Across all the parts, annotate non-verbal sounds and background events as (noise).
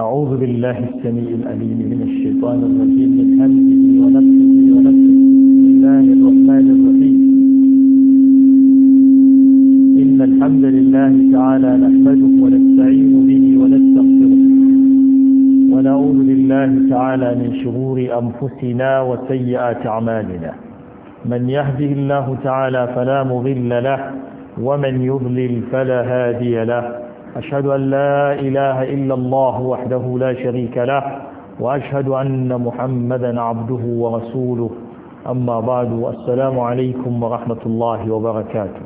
أعوذ بالله السميع الأليم من الشيطان الرجيم من همزه ونفسه ونفسه بسم الله الرحمن الرحيم إن الحمد لله تعالى نحمده ونستعين به ونستغفره ونعوذ بالله تعالى من شرور أنفسنا وسيئات أعمالنا من يهده الله تعالى فلا مضل له ومن يضلل فلا هادي له أشهد أن لا إله إلا الله وحده لا شريك له وأشهد أن ش محمدا عبده ورسوله أما بعد السلام عليكم ورحمة الله وبركاته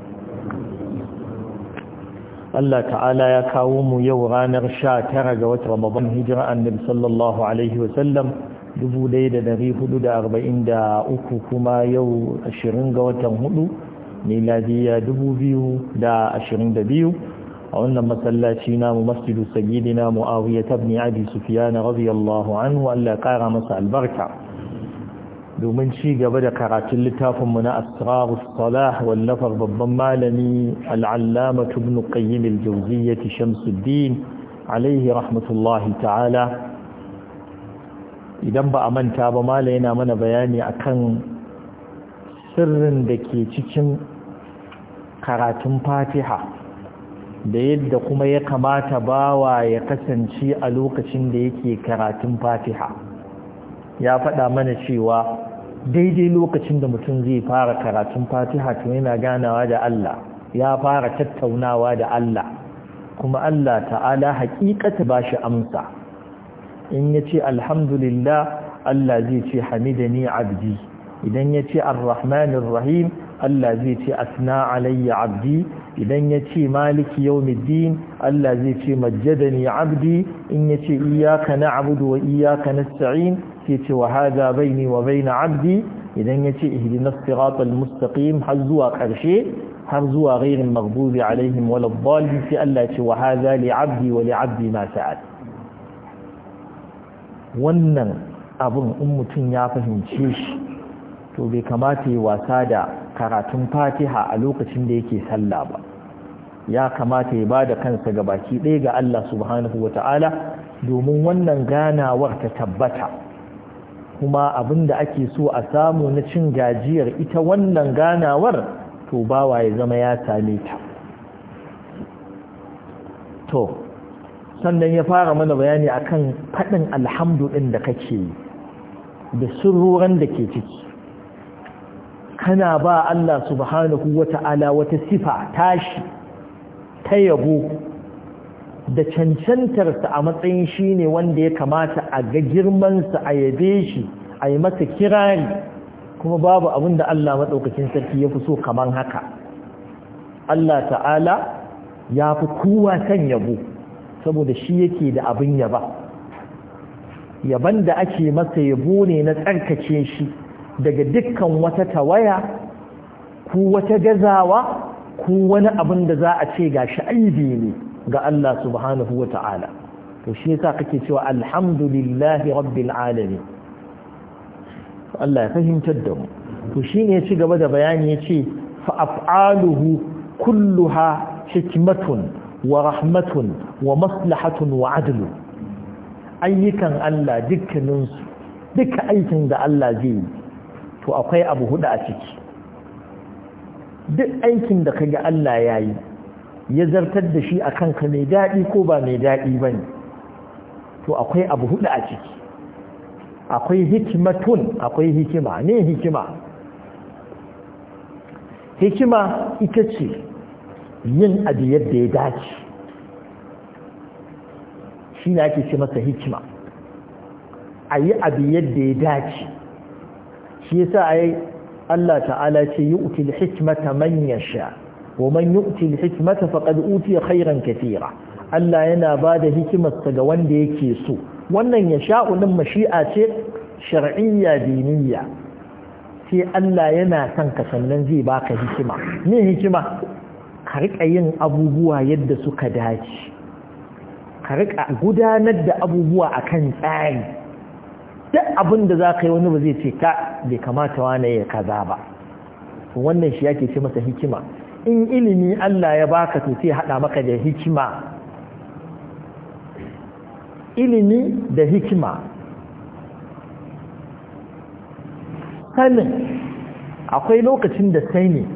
الله تعالى يا كاوم يا وغانا رشا ترجى وترمضان هجر النبي صلى الله عليه وسلم دبو ليدا نغي هدود اربعين دا اوكو كما يو اشرين غوتا هدو ميلاديا دبو بيو دا اشرين دبيو a wannan masallaci namu masjidu sayyidina muawiya ibn abi sufyan radiyallahu anhu Allah kara masa albarka domin ci gaba da karatun littafin mu na asrarus salah wallafar babban malami al-allama ibn qayyim al-jawziyyah shamsuddin alaihi rahmatullahi ta'ala idan ba a manta ba mala yana mana bayani akan sirrin da ke cikin karatun fatiha da yadda kuma ya kamata bawa ya kasance a lokacin da yake karatun fatiha ya faɗa mana cewa daidai lokacin da mutum zai fara karatun fatiha tuni yana ganawa da Allah ya fara tattaunawa da Allah kuma Allah ta'ala haƙiƙata ba shi amsa in ya ce alhamdulillah Allah zai ce hamidani abdi idan ya ce arrahmanirrahim rahim Allah zai ce asna alayya abdi idan ya ce maliki yawmiddin Allah zai ce majjadani abdi in ya ce na abudu wa na sa'in sai ce wa hadha baini wa baina abdi idan ya ce ihdinas siratal mustaqim har zuwa karshe har zuwa gairin maghdubi alaihim wal dhalin sai Allah ce wa hadha li abdi wa li abdi ma sa'ad wannan abun in mutum ya fahimce shi to bai kamata yi wasa da karatun fatiha a lokacin da yake sallah ba ya kamata ya ba da kansa ga baki ɗaya ga Allah subhanahu wa ta'ala domin wannan ganawar ta tabbata kuma abin da ake so a samu na cin gajiyar ita wannan ganawar to bawa ya zama ya same ta to sannan ya fara mana bayani akan faɗin alhamdu ɗin da kake yi da surruran da ke ciki kana ba Allah subhanahu wa ta'ala wata sifa tashi ta yabo da cancantarsa a matsayin shi ne wanda ya kamata a ga girmansa a yabe shi a yi masa kirari kuma babu abin da Allah maɗaukacin sarki ya fi so kamar haka Allah ta'ala ya fi kowa kan yabo saboda shi yake da abin yaba yaban da ake masa yabo ne na tsarkace shi daga dukkan wata tawaya ku wata gazawa ku wani abin da za a ce ga aibi ne ga Allah subhanahu wa ta'ala to shi yasa kake cewa alhamdulillahi rabbil alamin Allah ya fahimtar da mu to shine ya ci gaba da bayani ya ce fa af'aluhu kulluha hikmatun wa rahmatun wa maslahatun wa adlu ayyukan Allah dukkaninsu duka aikin da Allah zai yi to akwai abu hudu a ciki duk aikin da kaga Allah ya yi ya zartar da shi a ka mai daɗi ko ba mai daɗi ba ne to akwai abu hudu a ciki akwai hikimatun akwai hikima ne hikima hikima ita ce yin abu yadda ya dace shi ne ake ce masa hikima a yi abu yadda ya dace shi yasa ai Allah ta'ala ce yu'til hikmata man yasha wa man yu'til hikmata faqad utiya khairan katira Allah yana bada hikimarsa ga wanda yake so wannan yasha'u din mashi'a ce shar'iyya diniyya sai Allah yana son ka sannan zai baka hikima me hikima ka rika yin abubuwa yadda suka dace ka rika gudanar da abubuwa akan tsari duk abin da za ka yi wani ba zai ce ka bai kamata wane ya kaza ba wannan shi yake ce masa hikima in ilimi Allah ya baka to sai hada maka da hikima ilimi da hikima sanin akwai lokacin da sani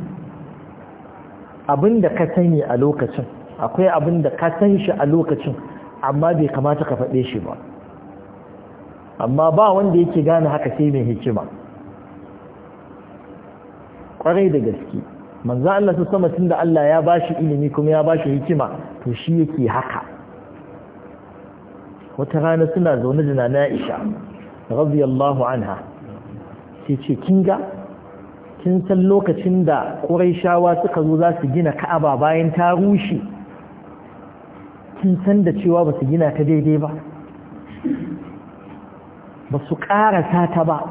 abin da ka sani a lokacin akwai abinda ka san shi a lokacin amma bai kamata ka faɗe shi ba amma ba wanda yake gane haka sai mai hikima kwarai da gaske manzo Allah su sama tunda Allah ya bashi ilimi kuma ya bashi hikima to shi yake haka wata rana suna zaune da Nana Aisha radiyallahu anha sai ce kin ga kin san lokacin da Qurayshawa suka zo za su gina Ka'aba bayan ta rushe kin san da cewa ba su gina ta daidai ba ba su ƙarasa ta ba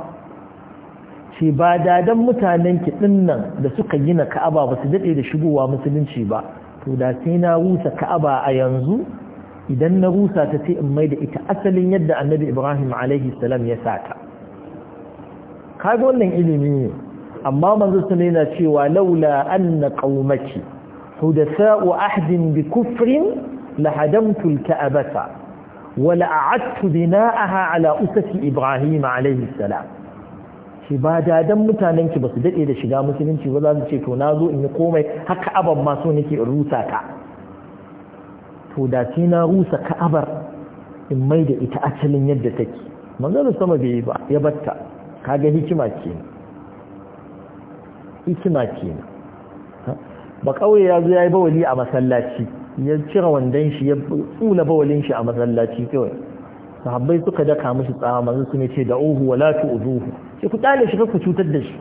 ce ba dadan mutanen kiɗin nan da suka gina ka'aba ba su daɗe da shigowa musulunci ba to da sai na rusa ka'aba a yanzu idan na rusa ta sai in mai da ita asalin yadda annabi ibrahim alaihi salam ya sata. ta kaga wannan ilimi ne amma manzo sun yana cewa laula anna qaumaki hudatha'u ahdin bi kufrin lahadamtu al-ka'abata wala bina'aha ala usati ibrahim alayhi salam shi ba dadan mutanen ki basu dade da shiga musulunci ba za su ce to na zo in yi komai haka abar ma so nake in rusa ta to da ce na rusa ka'abar in mai da ita asalin yadda take manzon sama bai yi ba ya batta kaga hikima ce hikima ce ba kauye ya zo yayi bawali a masallaci ya cire wandon shi ya tsula bawalin shi a masallaci kawai sahabbai suka daka mishi tsawa manzo su ne ce da uhu wala tu'zuhu sai ku tsale shi ku cutar da shi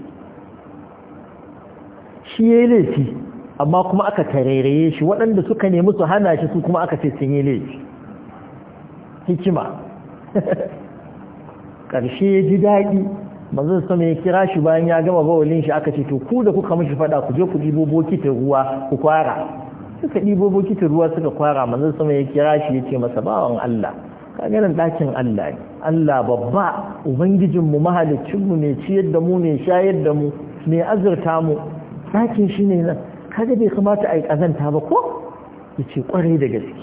shi yayi laifi amma kuma aka tarereye shi waɗanda suka nemi su hana shi su kuma aka ce sun yi laifi hikima (laughs) ƙarshe ya ji daɗi su sama ya kira shi bayan ya gama bawalin shi aka ce to ku da kuka mishi faɗa ku je ku ɗibo bokitin ruwa ku kwara suka ɗibo bokitin ruwa suka kwara manzo sama ya kira shi ya ce masa bawan Allah Ka nan ɗakin Allah ne Allah babba ubangijinmu mu ne ciyar da mu ne shayar da mu ne azurta mu ɗakin shi ne nan kaga bai kamata a yi ƙazanta ba ko ya ce ƙwarai da gaske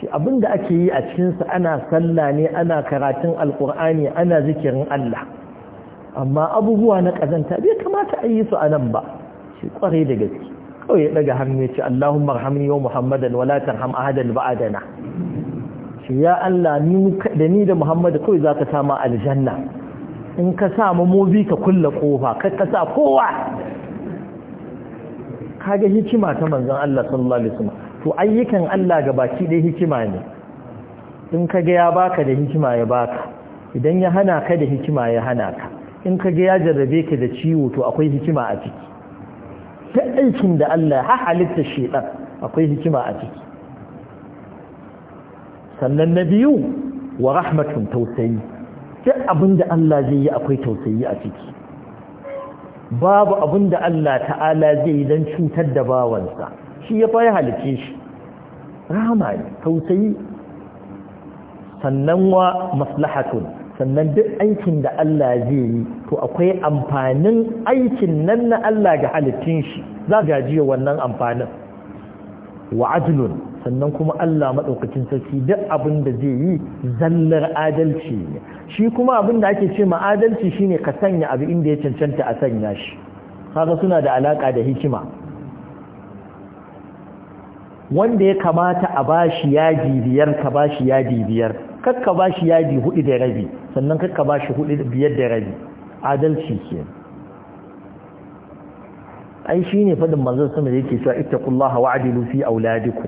shi abin da ake yi a cikin sa ana sallah ne ana karatun alƙur'ani ana zikirin Allah amma abubuwa na ƙazanta bai kamata a yi su a nan ba shi ƙwarai da gaske kawai ya ɗaga hannu ya ce Allahun marhamni wa Muhammadan wa ham adal ba adana. shi ya Allah ni da ni da Muhammad kawai zaka sama aljanna in ka sa mamobi ka kulla kofa ka ka sa kowa kaga hikima ta manzan Allah sallallahu alaihi wasallam to ayyukan Allah ga baki dai hikima ne in ga ya baka da hikima ya baka idan ya hana ka da hikima ya hana ka in ka ga ya jarrabe ka da ciwo to akwai hikima a ciki duk aikin da Allah ha halitta shedan akwai hikima a ciki sannan na biyu wa rahmatun tausayi duk abin da Allah zai yi akwai tausayi a ciki babu abin da Allah ta'ala zai yi don cutar da bawansa shi ya fa ya halice shi rahama tausayi sannan wa maslahatun sannan duk aikin da Allah zai yi to akwai amfanin aikin nan na Allah ga halittun shi za jiya wannan amfanin wa adlun sannan kuma Allah maɗaukacin sarki duk abin da zai yi zallar adalci shi kuma abin da ake ce ma adalci shine ka sanya abu inda ya cancanta a sanya shi kaga suna da alaka da hikima wanda ya kamata a bashi yaji biyar ka bashi yaji biyar kakka ba shi yadi hudu da rabi sannan kakka ba shi hudu biyar da rabi adalci ke ai shi ne faɗin manzon sama da yake cewa ittaqullaha wa'dilu fi auladikum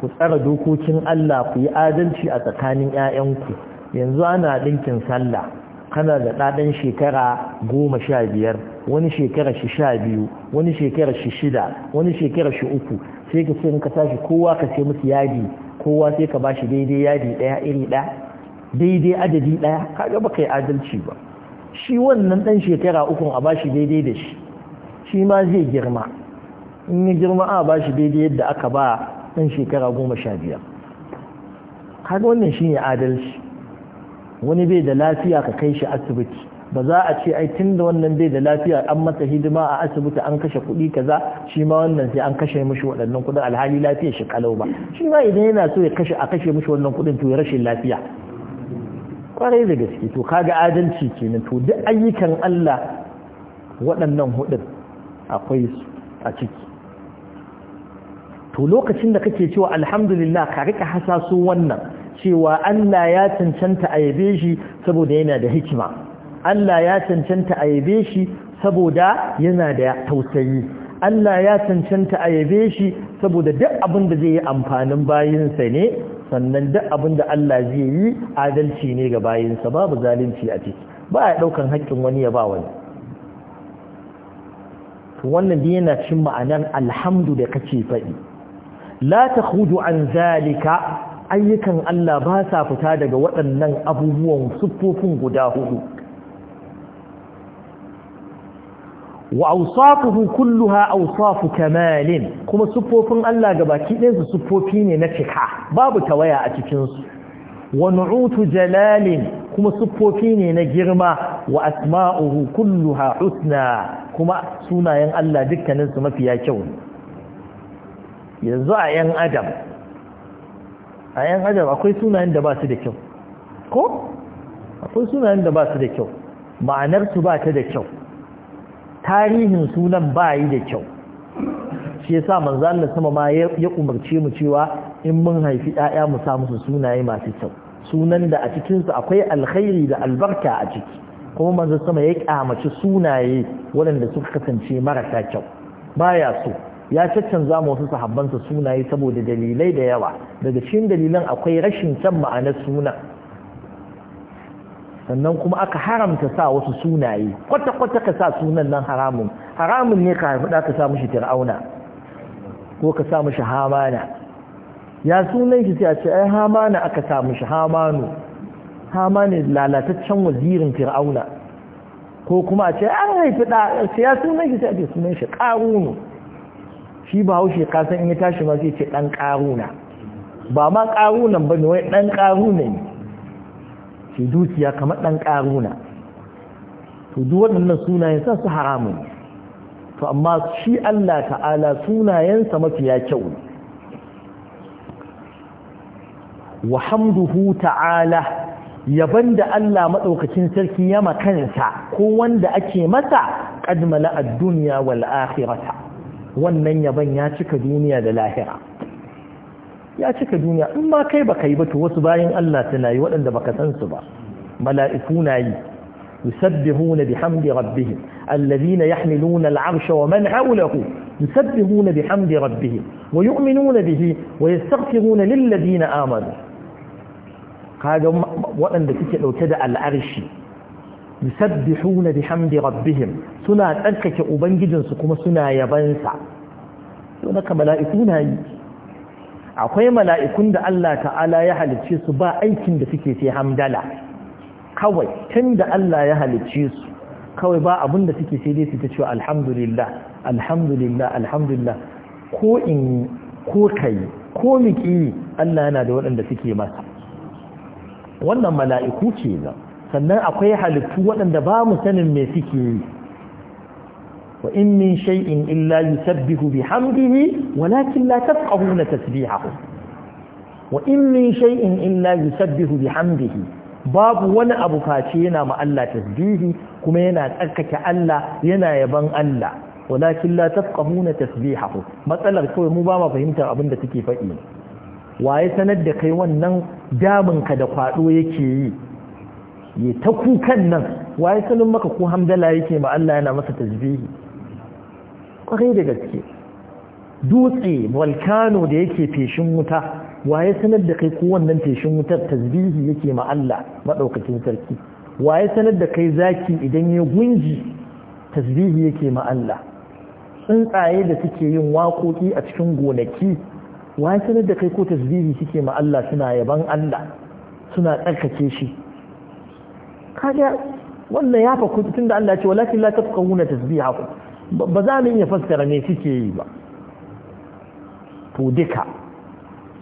ku tsara dokokin Allah ku yi adalci a tsakanin 'ya'yanku. yanzu ana ɗinkin sallah kana da ɗaɗan shekara goma sha biyar wani shekara shi sha biyu wani shekara shi shida wani shekara shi uku sai ka ce in ka tashi kowa ka ce musu yadi kowa sai ka bashi daidai yadi daya iri daya daidai adadi daya kaga baka yi adalci ba shi wannan dan shekara ukun a bashi daidai da shi shi ma zai girma in ya girma a ba shi daidai yadda aka ba dan shekara goma sha biyar kaga wannan shine adalci wani bai da lafiya ka kai shi asibiti ba za a ce ai tun da wannan bai da lafiya an masa hidima a asibiti an kashe kuɗi kaza shi ma wannan sai an kashe mishi waɗannan kuɗin alhali lafiya shi kalau ba shi ma idan yana so ya kashe a kashe mishi wannan kuɗin to ya rashin lafiya kwarai da gaske to kaga adalci kenan to duk ayyukan Allah waɗannan hudun akwai su a ciki to lokacin da kake cewa alhamdulillah ka rika hasasu wannan cewa Allah ya cancanta a yabe shi saboda yana da hikima Allah ya cancanta a yabe shi saboda yana da tausayi Allah ya cancanta a yabe shi saboda duk abin da zai yi amfanin bayinsa ne sannan duk abin da Allah zai yi adalci ne ga bayinsa babu zalunci a ciki ba a ɗaukan haƙƙin wani ya ba wani wannan da yana cin ma'anar alhamdu da kace faɗi la ta an zalika ayyukan Allah ba sa fita daga waɗannan abubuwan siffofin guda hudu wa awsafuhu kulluha awsafu kamalin kuma sufofin Allah gabaki ɗayan su sufofi ne na cika babu tawaya a cikin su wa nu'utu jalalin kuma sufofi ne na girma wa asma'uhu kulluha husna kuma sunayen Allah dukkanin su mafiya kyau yanzu a yan adam a yan adam akwai sunayen da ba su da kyau ko akwai sunayen da ba su da kyau ma'anar su ba ta da kyau tarihin sunan ba yi da kyau shi yasa manzo Allah sama ma ya umarce mu cewa in mun haifi ƴaƴa mu sa musu sunaye masu kyau sunan da a cikinsu akwai alkhairi da albarka a ciki kuma manzo sama ya kyamaci sunaye waɗanda suka kasance marasa kyau ya so ya caccanza mu wasu sahabbansa sunaye saboda dalilai da yawa daga cikin dalilan akwai rashin kyan ma'anar sunan sannan kuma aka haramta sa wasu sunaye kwata-kwata ka sa sunan nan haramun haramun ne ka haifi ka sa mishi tir'auna ko ka sa mishi hamana ya sunan shi sai a ce ai hamana aka sa mishi hamanu hamana lalataccen wazirin tir'auna ko kuma a ce an haifi da sai ya sunan shi sai a ce sunan shi karunu shi ba haushe kasan in ya tashi ma sai ce dan karuna ba ma karunan ba ne wai dan karuna ne ke dukiya kamar ɗan ƙaruna to duk waɗannan sunayen sa su haramun to amma shi Allah ta'ala sunayensa mafiya kyau wa hamduhu ta'ala yaban da Allah maɗaukacin sarki ya makansa ko wanda ake masa ƙadmala ad-dunya wal akhirata wannan yaban ya cika duniya da lahira ya cika duniya in ma kai baka yi ba to wasu bayan Allah suna yi waɗanda baka san su ba mala'iku na yi yusabbihuna bihamdi wa man hawlahu yusabbihuna bihamdi bihi wa yastaghfiruna lilladhina amanu kaga waɗanda suke ɗauke da al'arshi yusabbihuna bihamdi suna tsarkake ubangijinsu kuma suna yabansa akwai mala'ikun da Allah ta'ala ya halicce su ba aikin da suke sai hamdala kawai tun da Allah ya halicce su kawai ba abin da suke sai dai su ta cewa alhamdulillah alhamdulillah alhamdulillah ko in ko kai ko miki Allah yana da waɗanda suke masa wannan mala'iku ce nan sannan akwai halittu waɗanda ba mu sanin me suke yi wa in min shay'in illa yusabbihu walakin la tafqahuna tasbihahu wa in min shay'in illa yusabbihu babu wani abu face yana ma Allah tasbihi kuma yana tsarkake Allah yana yaban Allah walakin la tafqahuna tasbihahu matsalar kawai mu bama fahimtar abin da take faɗi waye sanar da kai wannan damin ka da kwaɗo yake yi ya ta kukan nan waye sanin maka ko hamdala yake ma Allah yana masa tasbihi kwarai da gaske dutse volcano da yake feshin wuta waye sanar da kai ko wannan feshin wutar tasbihi yake ma Allah madaukakin sarki waye sanar da kai zaki idan ya gunji tasbihi yake ma Allah tsuntsaye da suke yin wakoki a cikin gonaki waye sanar da kai ko tasbihi suke ma Allah suna yaban Allah suna tsarkake shi kaga wannan ya fa da Allah ya ce walakin la tafqahuna tasbihakum ba za mu iya fassara me suke yi ba to duka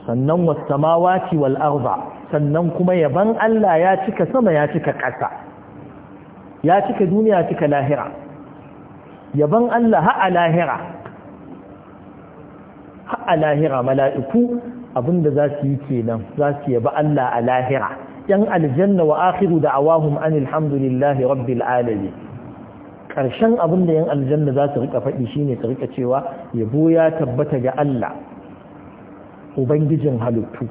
sannan wasamawati wal arda sannan kuma yaban Allah ya cika sama ya cika ƙasa ya cika duniya cika lahira yaban Allah ha'a lahira ha'a lahira mala'iku abinda za su yi kenan za su yaba Allah a lahira yan aljanna wa akhiru da'awahum anil alhamdulillahi rabbil alamin ƙarshen abin da 'yan aljanna za su riƙa faɗi shine ne su riƙa cewa yabo ya tabbata ga Allah ubangijin halittu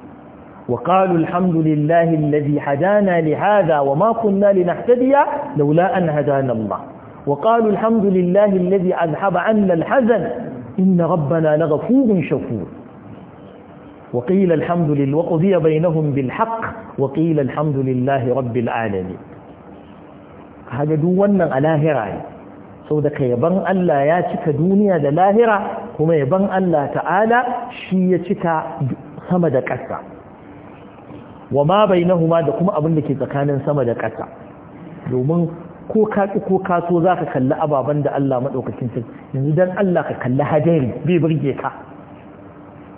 wa ƙalu alhamdulillahi lalazi hadana hada wa makunna li nahtadiya laula an hadana Allah wa ƙalu alhamdulillahi lalazi azhaba anna alhazan inna rabana na gafurun shafur wa ƙila alhamdulillahi wa ƙudiya bainahum bil rabbil alamin haga duk wannan a lahira ne sau da ka yaban Allah ya cika duniya da lahira kuma yaban Allah ta'ala shi ya cika sama da ƙasa wa ma bainahuma da kuma abin da ke tsakanin sama da ƙasa domin ko ka ko ka so zaka kalli ababen da Allah madaukakin sarki yanzu dan Allah ka kalli hajeri bai burge ka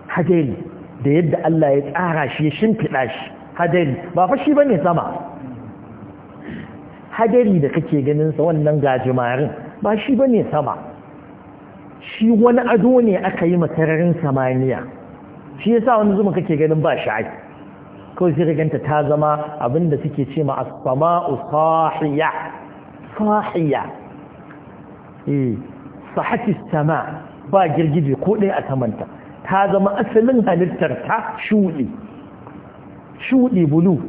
hajeri da yadda Allah ya tsara shi ya shimfida shi hajeri ba fa shi bane sama hajeri da kake ganin sa wannan gajimarin ba shi ba ne sama shi wani ado ne aka yi makararin samaniya shi ya sa wani zuma kake ganin ba shi kawai sai ganta ta zama abinda suke ce ma as-sama'u sahiya e sama ba girgije ko ɗaya a samanta ta zama asalin halittar ta shudi shudi bulu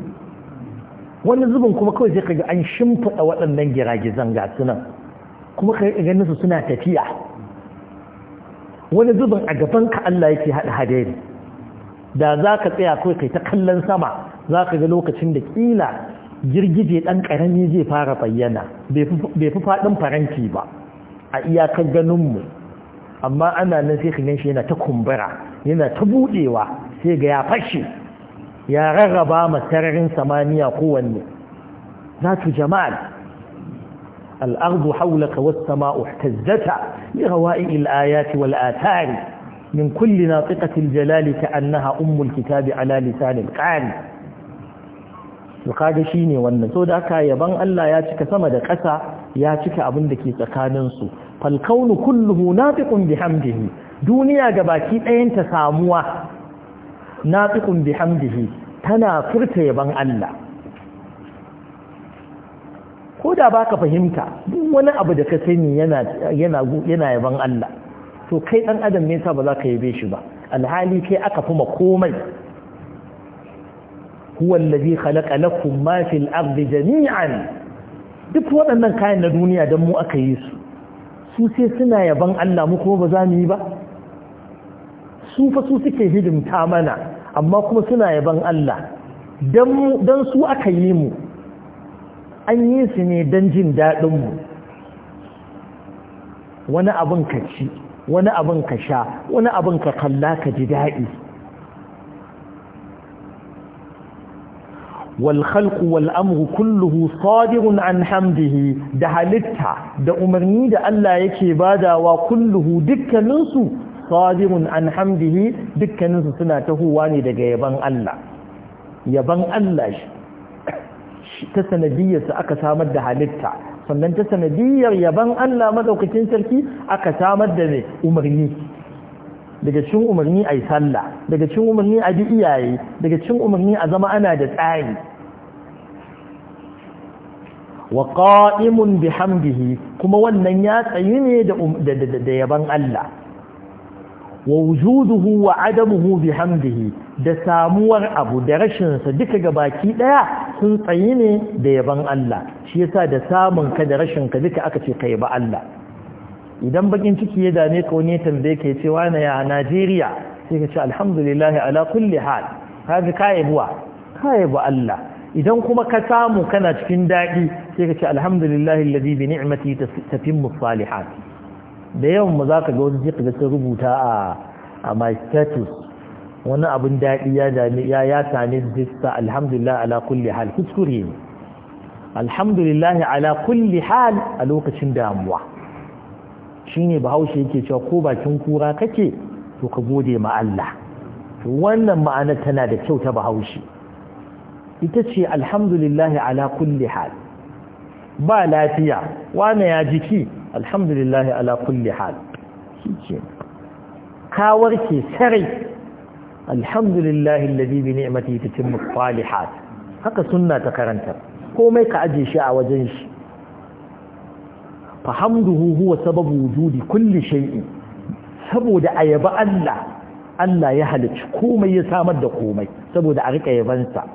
wani zubin kuma kawai sai kaga an shimfiɗa waɗannan giragizan ga sunan kuma ka ganin su suna tafiya wani zubin a gaban ka Allah yake haɗa hadari da za ka tsaya kawai kai ta kallon sama za ka ga lokacin da ƙila girgije ɗan ƙarami zai fara bayyana bai fi faɗin faranti ba a iyakar ganinmu amma ana nan sai ka gan shi yana ta kumbura yana ta buɗewa sai ga ya fashe ya rarraba ma sararin samaniya kowanne za su jama'a الأرض حولك والسماء احتزتا لغوائع الآيات والآثار من jalali ta الجلال كأنها أم الكتاب على لسان القارئ kaga shine wannan so da aka yaban Allah ya cika sama da ƙasa ya cika abin da ke tsakanin su fal kaunu kulluhu nafiqun bihamdihi duniya baki ɗayan ta samuwa nafiqun bihamdihi tana furta ban Allah ko da ba ka fahimta duk wani abu da ka sani yana yana yaban Allah to kai ɗan adam ne yasa ba za ka yabe shi ba alhali kai aka fi komai huwa kala khalaqa lakum ma fil ardi jami'an duk waɗannan kayan na duniya dan mu aka yi su su sai suna yaban Allah mu kuma ba za mu yi ba su fa su suke hidimta mana amma kuma suna yaban Allah don su aka yi mu an yi su ne don jin daɗinmu wani abin ka ci wani abin ka sha wani abin ka kalla ka ji daɗi wal amru kulluhu sadirun an hamdihi da halitta da umarni da Allah yake badawa kulluhu dukkaninsu sadirun an hamdihi dukkaninsu suna tahowa ne daga yaban Allah yaban Allah shi ta su aka samar da halitta sannan ta sanadiyar yaban Allah madaukakin sarki aka samar da ne umarni daga cin umarni a yi sallah daga cin umarni a bi iyaye daga cin umarni a zama ana da tsari wa qa'imun bihamdihi kuma wannan ya tsayi ne da um, yaban Allah wa wujuduhu wa adamuhu bihamdihi da samuwar abu da rashin sa duka baki daya sun tsayi ne da yaban Allah shi yasa da samun ka da rashin ka duka aka ce ka yaba Allah idan bakin ciki ya dame ka wani tambaye ka yace wani ya Najeriya sai ka ce alhamdulillah ala kulli hal kaji ka yabuwa ka yabu Allah idan kuma ka samu kana cikin dadi sai ka ce alhamdulillah alladhi bi ni'mati tatimmu salihati da yawan mu za ka ga wani jika ga sun rubuta a a my status wani abin daɗi ya dami ya ya same zista alhamdulillah ala kulli hal kuskure ne alhamdulillah ala kulli hal a lokacin damuwa shine bahaushe yake cewa ko bakin kura kake to ka gode ma Allah wannan ma'anar tana da kyau ta bahaushe ita ce alhamdulillah ala kulli hal ba lafiya wane ya jiki alhamdulillahi ala kulli hal shi Kawar ke sarai alhamdulillahi alladhi bi ni'matihi tatimmu salihat haka sunna ta karanta komai ka aje shi a wajen shi fahamduhu huwa sababu wujudi kulli shay'in saboda ayaba Allah Allah ya halicci komai ya samar da komai saboda a rika yabansa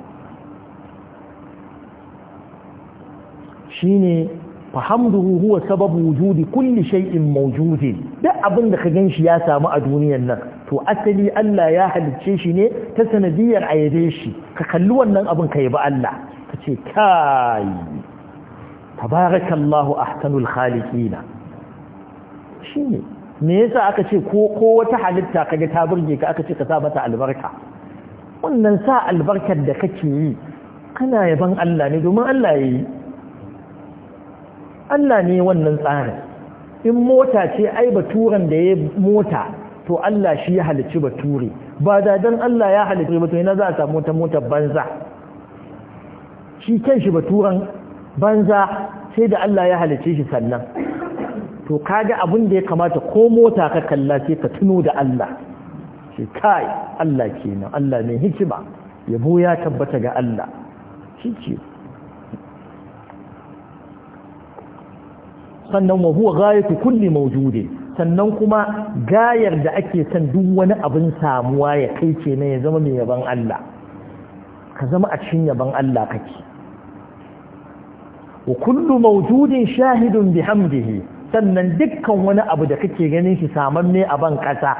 shine fahamduhu huwa sababu wujudi kulli shay'in mawjudin duk abin da ka ganshi ya samu a duniyar nan to asali Allah ya halicce shi ne ta sanadiyar ayyade shi ka kalli wannan abin ka yabi Allah ka ce kai tabarakallahu ahsanul khaliqina shine me yasa aka ce ko ko wata halitta kaga ta burge ka aka ce ka sa mata albarka wannan sa albarkar da kake yi kana yaban Allah ne domin Allah yayi Allah ne wannan tsarin in mota ce ai baturan da ya mota to Allah shi ya halicci bature ba da dan Allah ya halicci to na za a samu ta motar banza shi kan shi baturan banza sai da Allah ya halicce shi sannan to kaga abin da ya kamata ko mota ka kalla sai ka tuno da Allah shi kai Allah kenan Allah ne hikima yabo ya tabbata ga Allah shi ce sannan wa huwa ghayatu kulli mawjudin sannan kuma gayar da ake san duk wani abin samuwa ya kai ce ne ya zama mai yaban Allah ka zama a cikin yaban Allah kake wa kullu mawjudin shahidun bihamdihi sannan dukkan wani abu da kake ganin shi samanne a ban kasa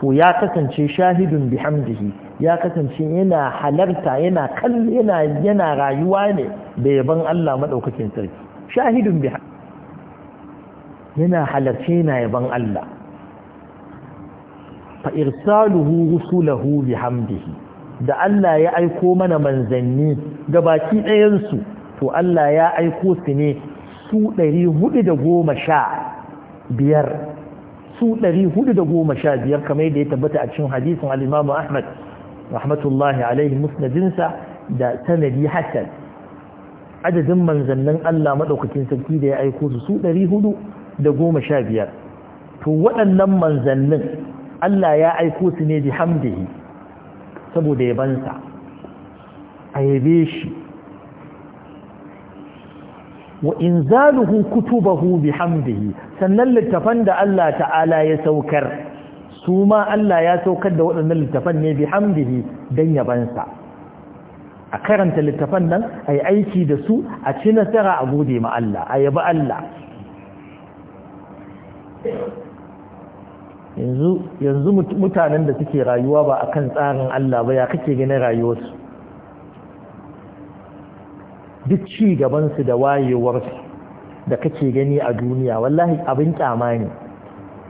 to ya kasance shahidun bihamdihi ya kasance yana halarta yana yana yana rayuwa ne da yaban Allah madaukakin sarki shahidun bihamdihi yana halarci na yaban Allah fa irsaluhu rusulahu bihamdihi da Allah ya aiko mana manzanni ga baki ɗayan su to Allah ya aiko su ne su 415 su 415 kamar yadda ya tabbata a cikin hadisin al-Imam Ahmad rahmatullahi alaihi musnadinsa da sanadi hasan adadin manzannin Allah madaukakin sarki da ya aiko su su 400 da goma sha biyar to waɗannan manzannin Allah ya aiko su ne bihamdihi saboda yabansa a yabe shi wa zaluhu kutubahu bihamdihi sannan littafan da Allah ta'ala ya saukar su ma Allah ya saukar da waɗannan littafan ne bihamdihi don yabansa a karanta littafan nan a yi aiki da su a ci nasara a gode ma Allah a yabi Allah yanzu mutanen da suke rayuwa ba a kan tsarin Allah ba ya kake ganin rayuwarsu duk ci gabansu da wayewarsu da kake gani a duniya wallahi abin kyama ne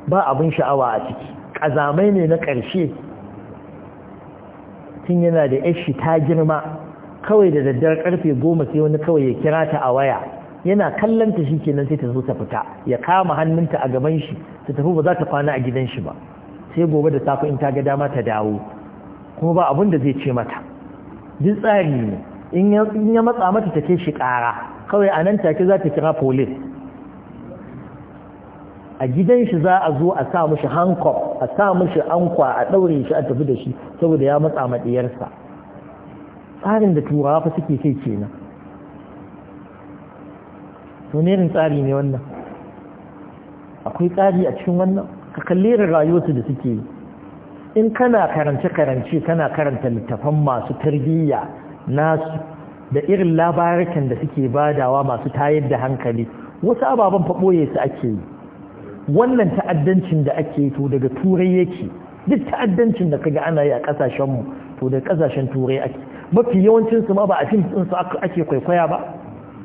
ba abin sha'awa a ciki ƙazamai ne na ƙarshe tun yana da yashi ta girma kawai da daddare ƙarfe goma sai wani kawai ya kira ta a waya yana kallon ta shi kenan sai ta zo ta fita ya kama hannunta a gaban shi ta tafi ba za ta kwana a gidan shi ba sai gobe da safe in ta ga dama ta dawo kuma ba abin da zai ce mata duk tsari ne in ya matsa mata ta ke shi ƙara kawai a nan take za ta kira polis a gidan shi za a zo a sa mishi hankok a sa mishi ankwa a ɗaure shi a tafi da shi saboda ya matsa maɗiyarsa tsarin da turawa fa suke kai kenan wani irin tsari ne wannan akwai tsari a cikin wannan ka kalli rayuwarsu da suke yi in kana karance-karance kana karanta littafan masu tarbiyya nasu da irin labarikan da suke badawa masu tayar da hankali wasu ababen faɓoye su ake yi wannan ta'addancin da ake yi to daga turai yake duk ta'addancin da kaga ana yi a ƙasashenmu to daga ƙasashen turai ake mafi yawancinsu ma ba a fim ɗinsu ake kwaikwaya ba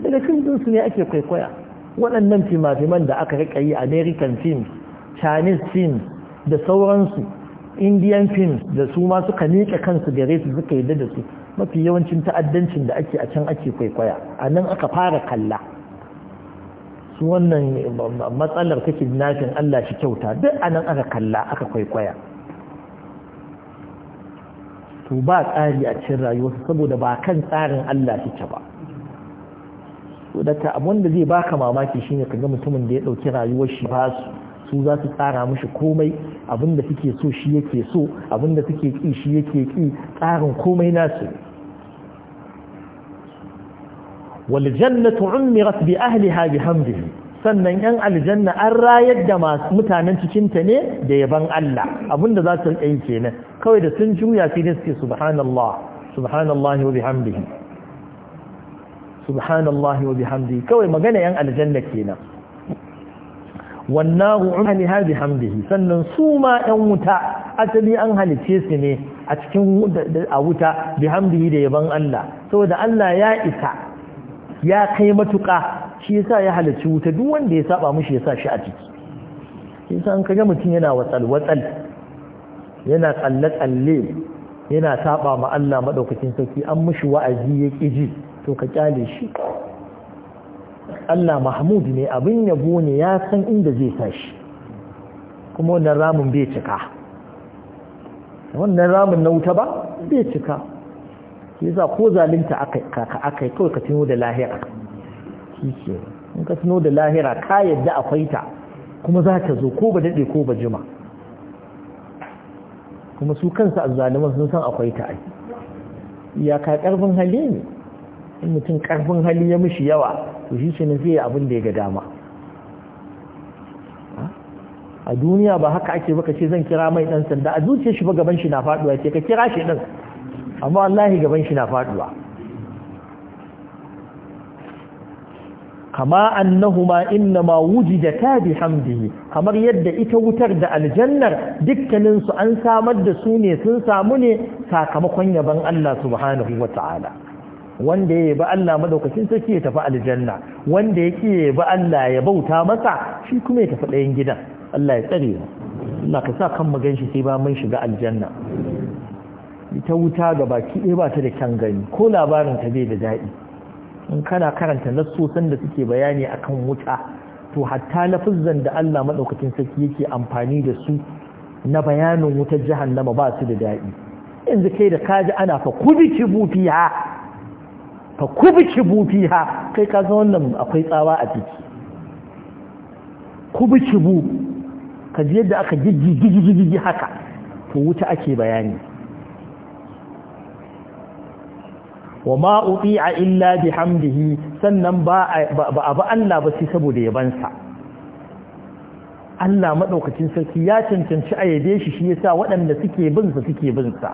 daga cikin su ne ake kwaikwaya waɗannan fimafiman da aka rika yi american fim, chinese fim da sauransu indian film da su ma suka miƙe kansu gare su suka yi da su mafi yawancin ta'addancin da ake a can ake kwaikwaya a nan aka fara kalla su wannan matsalar ta kidnapping Allah shi kyauta duk a nan aka kalla aka kwaikwaya to ba tsari a cikin rayuwa saboda ba kan tsarin Allah shi ba to daga zai baka mamaki shine kaga mutumin da ya dauki rayuwar shi ba su su za su tsara mishi komai abin suke so shi yake so abin suke ki shi yake ki tsarin komai nasu wal jannatu umirat bi ahliha bihamdihi sannan yan aljanna an rayar da masu mutanen cikin ta ne da yaban Allah abin da za su yi kenan kawai da sun juya sai suke subhanallah subhanallahi wa bihamdihi subhanallahi wa bihamdi kawai magana yan aljanna kenan wannahu umali hadi bihamdihi sannan su ma yan wuta asali an halice su ne a cikin a wuta bihamdihi da yaban Allah saboda Allah ya isa ya kai matuƙa shi yasa ya halarci wuta duk wanda ya saba mushi yasa shi a ciki yasa an kaga mutum yana watsal watsal yana tsalle tsalle yana saba ma Allah madaukakin sarki an mushi wa'azi ya ƙiji to ka kyale shi Allah Mahmud ne abin yabo ne ya san inda zai tashi kuma wannan ramin bai cika wannan ramin na wuta ba bai cika yasa ko akai kaka akai kawai ka tuno da lahira shi in ka tuno da lahira ka yadda akwai ta kuma za ta zo ko ba dade ko ba jima kuma su kansu azzaliman sun san akwai ta ai iyaka ƙarfin hali ne in mutum karfin hali ya mishi yawa to shi shi zai abin da ya ga dama a duniya ba haka ake baka ce zan kira mai dan sanda a zuciyar shi ba gaban shi na faduwa ce ka kira shi din amma wallahi gaban shi na faduwa kama annahuma ta wujidata hamdihi kamar yadda ita wutar da aljannar dukkaninsu an samar da su ne sun samu ne sakamakon yaban Allah subhanahu wataala wanda ya yaba Allah madaukakin sarki ya tafi aljanna wanda ya yaba Allah ya bauta masa shi kuma ya tafi ɗayan gidan Allah ya tsare mu Allah ka sa kan mu ganshi sai ba mun shiga aljanna ita wuta ga baki ɗaya ba ta da kyan gani ko labarin ta bai da daɗi in kana karanta nassosan da suke bayani akan wuta to hatta lafuzzan da Allah madaukakin sarki yake amfani da su na bayanin wutar jahannama ba su da daɗi yanzu kai da kaji ana fa kudi bufiya. fa kubkibu fiha kai ka kaga wannan akwai tsawa a ciki kubkibu ka ji yadda aka gigigigigi haka to wuta ake bayani wa ma uti'a illa hamdihi sannan ba a ba Allah ba sai saboda yabansa Allah madaukakin sarki ya cancanci a yabe shi shi yasa waɗanda suke bin sa suke bin sa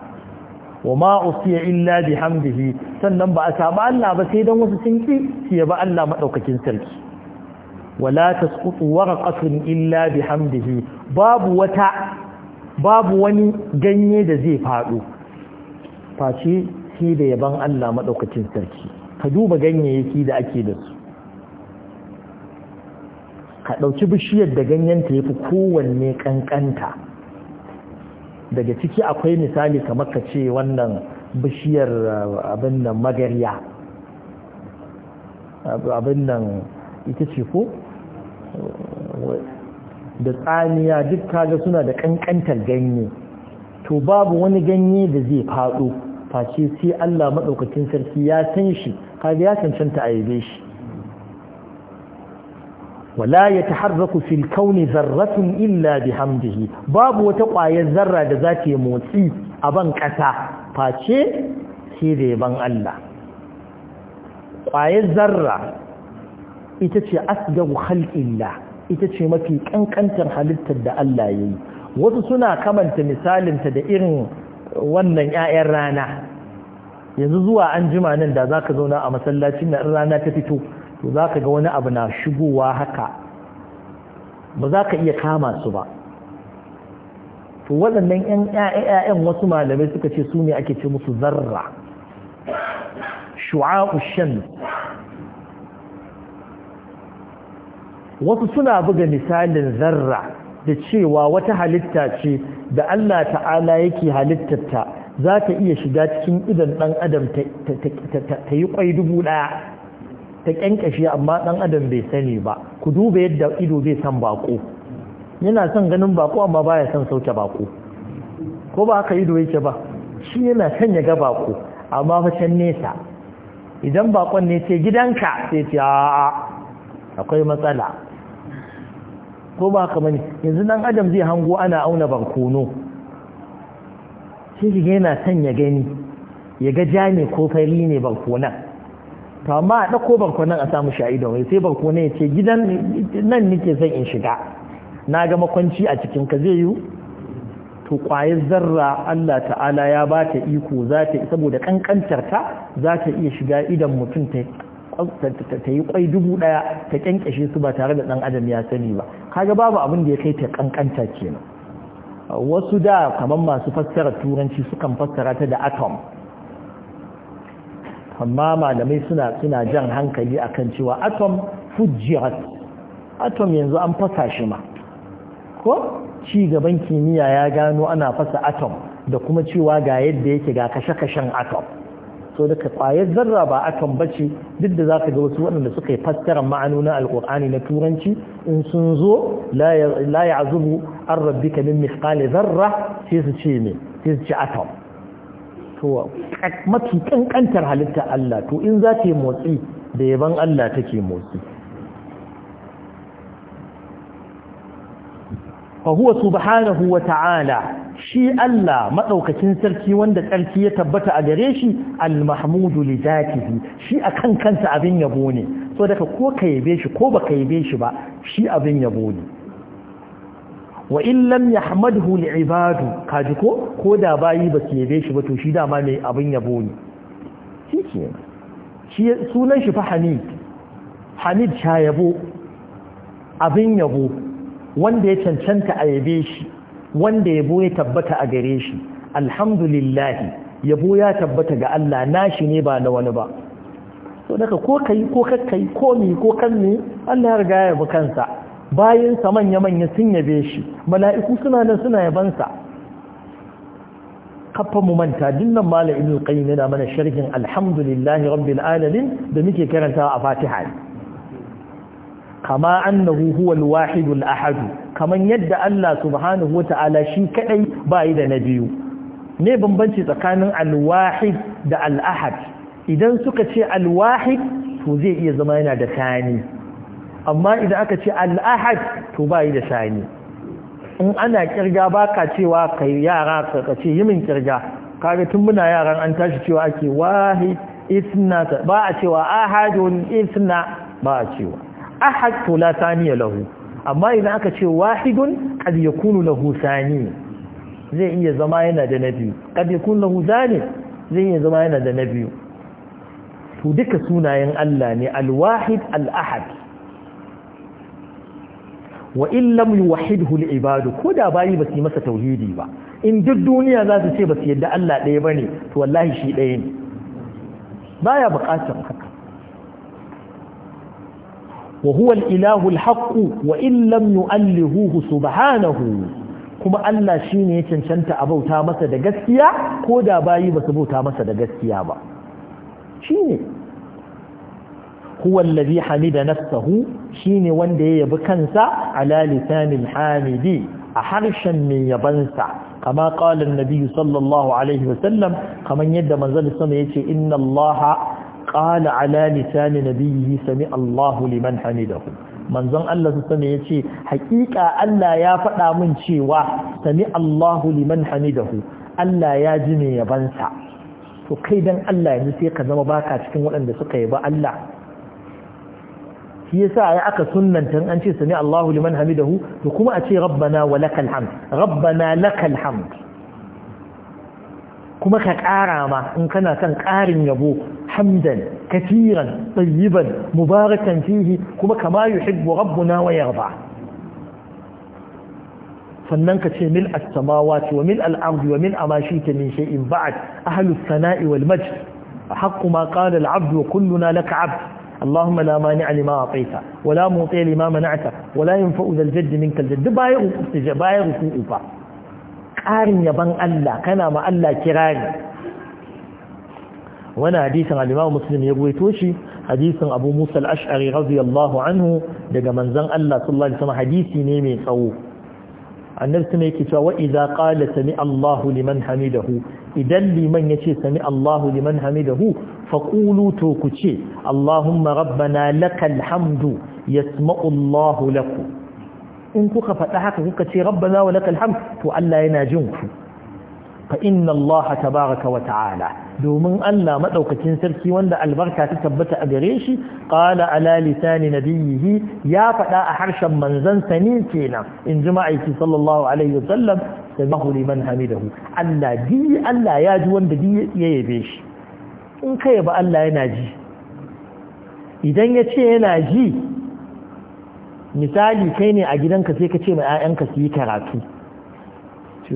wa ma usiya illa hamdihi sannan ba a saba Allah ba sai dan wasu sun ki ba Allah madaukakin sarki wala tasqutu waraqatun illa hamdihi babu wata babu wani ganye da zai fado face shi da yaban Allah madaukakin sarki ka duba ganyayyaki da ake da su ka dauki bishiyar da ganyenta yafi kowanne kankanta daga ciki akwai misali kamar ka ce wannan bishiyar uh, abin nan magariya abin nan ita ce ko da tsaniya duk kaga suna da kankantar ganye to babu wani ganye da zai faɗo face sai Allah maɗaukacin sarki ya san shi kaga ya cancanta a yabe shi wala ya taharraku fil kauni zarratun illa bihamdihi babu wata ƙwayar zarra da zata ta yi motsi a ban ƙasa face sai da yaban Allah ƙwayar zarra ita ce asgaru khalqillah ita ce mafi kankantar halittar da Allah ya yi wasu suna kamanta misalinta da irin wannan 'ya'yan rana yanzu zuwa anjima nan da za ka zauna a masallacin in rana ta fito to za ka ga wani abu na shigowa haka ba za ka iya kama su ba to waɗannan 'yan 'ya'yan wasu malamai suka ce su ne ake ce musu zarra shu'a'u shan wasu suna buga misalin zarra da cewa wata halitta ce da Allah ta'ala yake halittarta za ta iya shiga cikin idan ɗan adam ta yi ƙwai dubu ɗaya ta kyankashi amma dan adam bai sani ba ku duba yadda ido zai san bako yana son ganin bako amma baya son sauke bako ko ba haka ido yake ba shi yana son ya ga bako amma fa can nesa idan bakon ne ce gidanka sai ce a'a akwai matsala ko ba haka bane yanzu dan adam zai hango ana auna barkono shi yana son ya gani ya ga ja ko fari ne barkonan to amma a ɗauko nan a samu shayi domin sai banko ya ce gidan nan nike son in shiga na ga makwanci a cikin ka zai yi to kwaye zarra Allah ta'ala ya ba ta iko za ta saboda kankantar ta za ta iya shiga idan mutum ta yi kwai dubu ɗaya ta kyankyashe su ba tare da ɗan adam ya sani ba kaga babu abin da ya kai ta ƙanƙanta kenan wasu da kamar masu fassara turanci sukan fassara ta da atom amma malamai suna suna jan hankali akan cewa atom fujirat atom yanzu an fasa shi ma ko ci gaban kimiyya ya gano ana fasa atom da kuma cewa ga yadda yake ga kashe-kashen atom so daga kwayar zarra ba atom bace duk da zaka ga wasu waɗanda suka yi fassarar ma'anonin alkur'ani na turanci in sun zo la ya'zubu an rabbika min mithqali zarra sai su ce me sai su ce atom to mafi kankantar halitta Allah to in za ta yi motsi da yaban Allah take motsi fa huwa subhanahu wa ta'ala shi Allah madaukakin sarki wanda tsarki ya tabbata a gare shi al-mahmudu li zatihi shi akan kansa abin yabo ne so daga ko ka yabe shi ko baka yabe shi ba shi abin yabo ne wa illan lam huli ibadu kaji ko ko da bayi ba su yabe shi ba to shi dama mai abin yabo ne shi ke sunan shi fa Hamid Hamid sha yabo abin yabo wanda ya cancanta a yabe shi wanda yabo ya tabbata a gare shi alhamdulillah yabo ya tabbata ga Allah nashi ne ba na wani ba so daga ko kai ko kakkai ko mi ko kan ne, Allah ya riga ya bi kansa bayansa manya-manya sun yabe shi mala'iku suna nan suna yabansa kafa mu manta dinnan mala ibn qayyim yana mana sharhin alhamdulillahi rabbil alamin da muke karanta a fatiha kama annahu huwa al kaman yadda Allah subhanahu wata'ala shi kadai bai da na biyu ne bambanci tsakanin al-wahid da al-ahad idan suka ce al-wahid to zai iya zama yana da tani amma idan aka ce al'ahad to ba yi da shani in ana kirga ba ka cewa kai yara ka ce yi min kirga kaga tun muna yaran an tashi cewa ake wahi isna ba a cewa ahadun isna ba a cewa ahad to la saniya lahu amma idan aka ce wahidun kad yakunu lahu sani zai iya zama yana da nabi kad yakunu lahu zani zai iya zama yana da biyu to duka sunayen Allah ne al-wahid al-ahad wa in lam yuwahhidhu li ibadu ko da bayi ba su masa tauhidi ba in duk duniya za su ce ba su yadda Allah ɗaya bane to wallahi shi ɗaya ne baya buƙatar haka wa huwa al-ilahu al-haqq wa in yu'allihuhu subhanahu kuma Allah shine ya cancanta a bauta masa da gaskiya ko da bayi ba su bauta masa da gaskiya ba shine huwa allazi hamida nafsahu shine wanda ya yabi kansa ala lisanil hamidi a harshen mai yabansa kama qala annabi sallallahu alaihi wasallam kaman yadda manzon sama yace inna allaha qala ala lisani nabiyhi sami allahu liman hamidahu manzon Allah su sani ya haƙiƙa Allah ya faɗa min cewa sami Allahu liman hamidahu Allah ya ji mai yabansa to kai dan Allah yanzu sai ka zama baka cikin waɗanda suka yaba Allah shi yasa ai aka sunnanta an ce sami Allahu liman hamidahu to kuma a ce rabbana wa lakal hamd rabbana lakal hamd kuma ka kara ma in kana son karin yabo hamdan katiran tayyiban mubarakan fihi kuma kama yuhibbu rabbuna wa yarda sannan ka ce mil as-samawati wa mil al-ardi wa mil amashita min shay'in ba'd ahlus sana'i wal majd haqqu أحق ما قال العبد kulluna لك عبد اللهم لا مانع لما أعطيت ولا معطي لما منعت ولا ينفع ذا الجد منك الجد بايع بايع ركوع قارن يبان الله كان ما الله كراري وانا حديث عن الإمام مسلم يبوي توشي حديث أبو موسى الأشعري رضي الله عنه دقى منزن الله صلى الله عليه وسلم حديثي نيمي صوف النبي سمع كتاب وإذا قال سمع الله لمن حمده idan liman ya ce sami Allahu liman hamidahu faƙulu to ku ce Allahumma rabbana lakal hamdu yasma'u Allahu laku in kuka faɗa haka kuka ce rabbana wa lakal hamd to Allah yana jin ku fa inna allaha tabaraka wa ta'ala domin Allah madaukakin sarki wanda albarka ta tabbata a gare shi qala ala lisani nabiyhi ya fada a harshen manzon sani kenan in ji ma'aiki sallallahu alaihi wa sallam sabahu liman hamidahu Allah Allah ya ji wanda ji ya yabe shi in ka yaba Allah yana ji idan ya ce yana ji misali kai ne a gidanka sai ka ce mai 'ya'yanka su yi karatu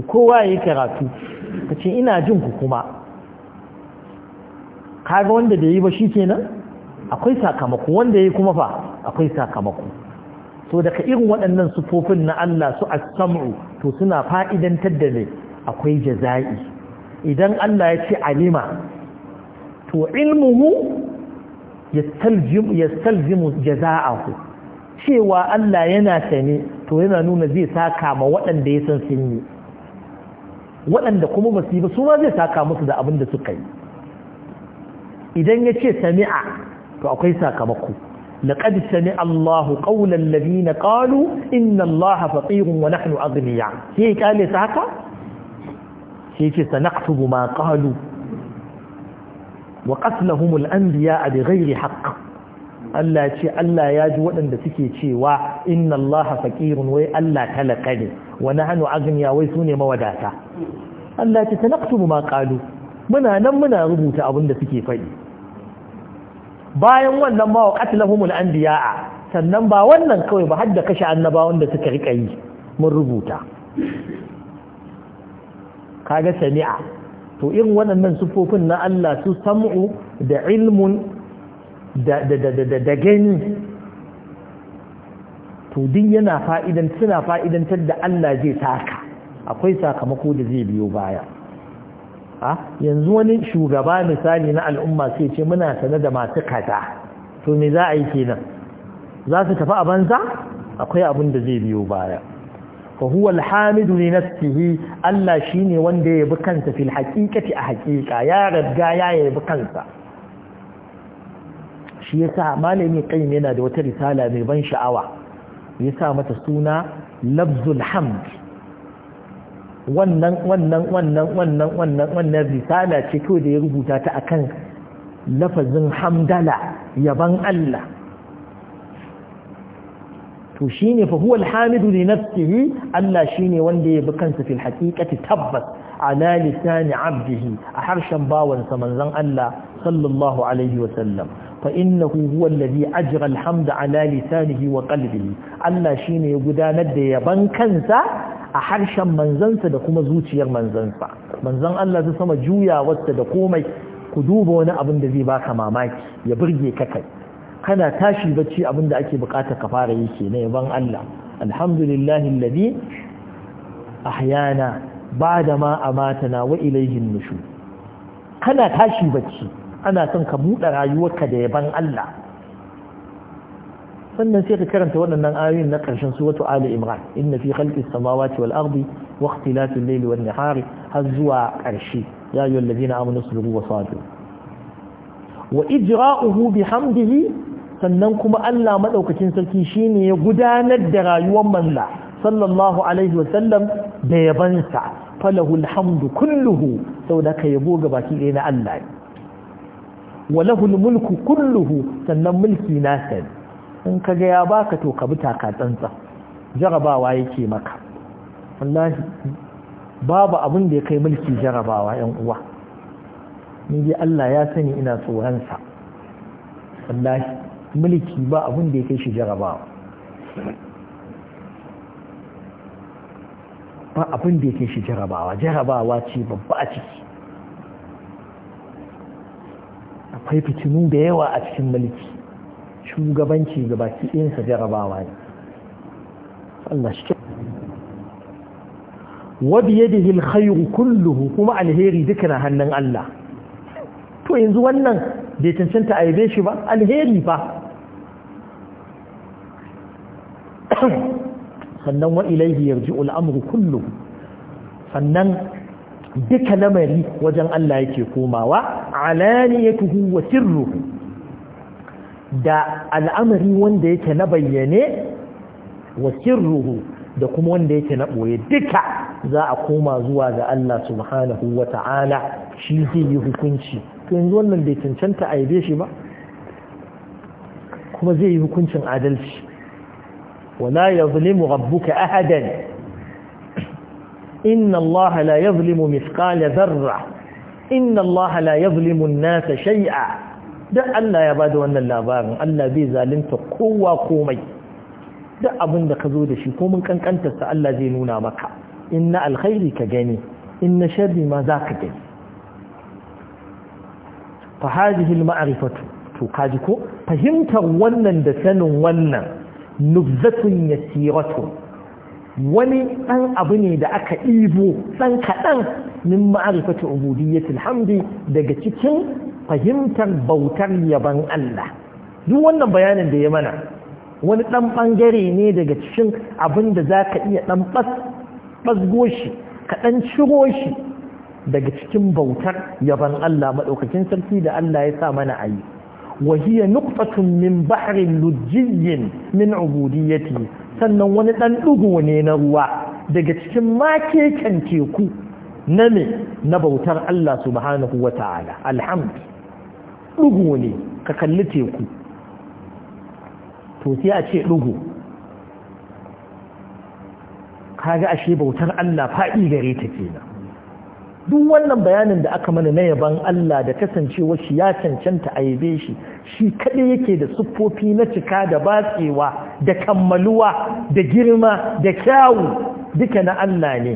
kowa ya yi karatu ka ce ina jin ku kuma kaga wanda da yi ba shi kenan akwai sakamako wanda ya yi kuma fa akwai sakamako so daga irin waɗannan sufofin na Allah su a samu to suna fa'idantar da ne akwai jaza'i idan Allah ya ce alima to ilmuhu ya yastalzimu jaza'ahu cewa Allah yana sane to yana nuna zai saka ma waɗanda ya san sun yi waɗanda kuma ba su yi ba su ma zai taka musu da abin da suka yi idan ya ce sami'a to akwai sakamako laƙad sami allahu ƙaunar labi na ƙalu inna allaha faƙirun wa nahnu azumiya sai ya ƙyale haka sai ce sanaktubu ma ƙalu wa ƙasnahumul an biya a bi gairi haƙƙa Allah ce Allah ya ji waɗanda suke cewa inna Allah faqirun wai Allah talaka ne wa nahnu aghniya wai sune mawadata Allah ce tanaktubu ma qalu muna nan muna rubuta abin da suke faɗi bayan wannan ma wa qatlahumul anbiya'a sannan ba wannan kawai ba Hadda da kashe annabawan da suka rika yi mun rubuta kaga sami'a to irin waɗannan sufofin na Allah su sam'u da ilmun da gani to din yana fa'idan suna fa'idantar da Allah zai taka akwai sakamako da zai biyo baya yanzu wani shugaba misali na al'umma sai ce muna sane da masu kaza to me za a yi kenan za su tafi a banza akwai abin da zai biyo baya fahuwal hamidu ne na nafsihi Allah shi ne wanda ya bi kansa fil haqiqati a haƙiƙa ya riga ya bi kansa shi yasa malami qayyim yana da wata risala mai ban sha'awa yasa mata suna labzul hamd wannan wannan wannan wannan wannan wannan risala ce ko da ya rubuta ta akan lafazin hamdala yaban Allah to shine fa huwa alhamidu li nafsihi Allah shine wanda ya bi kansa fil haqiqati tabbas ala lisani abdihi a harshen bawansa manzon Allah sallallahu alaihi wa sallam فإنه هو الذي أجرى الحمد على لسانه وقلبه الله شين يقدان الدي بنكنسا أحرشا منزنسا دقوم زوتير منزنسا منزن الله تسمى جويا وستدقومي قدوب وانا أبن دذي باك ماماك يبرجي ككي kana tashi bacci abinda ake bukata ka fara yi ke na yaban Allah alhamdulillah alladhi ahyana bada ma amatana wa ilayhin nushu kana tashi bacci ana son ka buɗe rayuwarka da yaban Allah sannan sai ka karanta waɗannan ayoyin na ƙarshen suratu Ali Imran inna fi khalqis samawati wal ardi wa ikhtilafil layli wan nahari har zuwa ƙarshe ya ayyuhal ladina amanu sabiru wa sabiru wa ijra'uhu bihamdihi sannan kuma Allah madaukakin sarki shine ya gudanar da rayuwar manza sallallahu alaihi wa sallam da yabansa falahu alhamdu kulluhu da ka yabo ga baki ɗaya na Allah ne wa mulku kulluhu sannan mulki nasa in ka ga ya baka to ka bi taka tsantsa jarabawa yake maka wallahi babu abin da ya kai mulki jarabawa yan uwa ni dai Allah ya sani ina tsoron sa wallahi mulki ba abin da ya kai shi jarabawa ba abin da ya kai shi jarabawa jarabawa ce babba a ciki akwai fitinu da yawa a cikin mulki shugabanci ga baki ɗinsa jarabawa ne Allah shi وبيده الخير kuma alheri الهيري na hannun Allah, to yanzu wannan bai cancanta a yabe shi ba alheri ba (coughs) sannan wa ilaihi yarji'u al'amru kullu sannan duka lamari wajen Allah yake komawa alaniyatuhu wa sirruhu da al'amari wanda yake na bayyane wa sirruhu da kuma wanda yake na boye duka za a koma zuwa ga Allah subhanahu wa ta'ala shi zai yi hukunci to yanzu wannan bai cancanta a yabe shi ba kuma zai yi hukuncin adalci wala yazlimu rabbuka ahadan إن الله لا يظلم مثقال ذرة إن الله لا يظلم الناس شيئا da Allah ya bada wannan labarin Allah zai zalunta kowa komai duk abin da ka zo da shi ko mun kankanta sa Allah zai nuna maka inna alkhairi ka gani inna sharri ma za ka gani fa hadhihi alma'rifatu to kaji ko fahimtar wannan da sanin wannan nubzatun yasiratu wani ɗan abu ne da aka ibo ɗan kaɗan min ma'arifatu ubudiyyatul hamdi daga cikin fahimtar bautar yaban Allah duk wannan bayanin da ya mana wani ɗan ɓangare ne daga cikin abin da za ka iya ɗan ɓasgo shi kaɗan ɗan ciro shi daga cikin bautar yaban Allah maɗaukacin sarki da Allah ya sa mana a yi وهي نقطة min min لجي min ubudiyyati sannan wani ɗan ɗugu ne na ruwa daga cikin makeken teku na me na bautar Allah subhanahu wa ta'ala alhamdu ɗugu ne ka kalli teku to sai a ce ɗugu kaga ashe bautar Allah fa'i gare ta kenan duk wannan bayanin da aka mana na yaban Allah da kasancewa shi ya cancanta a yabe shi shi kaɗai yake da siffofi na cika da batsewa da kammaluwa da girma da kyawu duka na Allah ne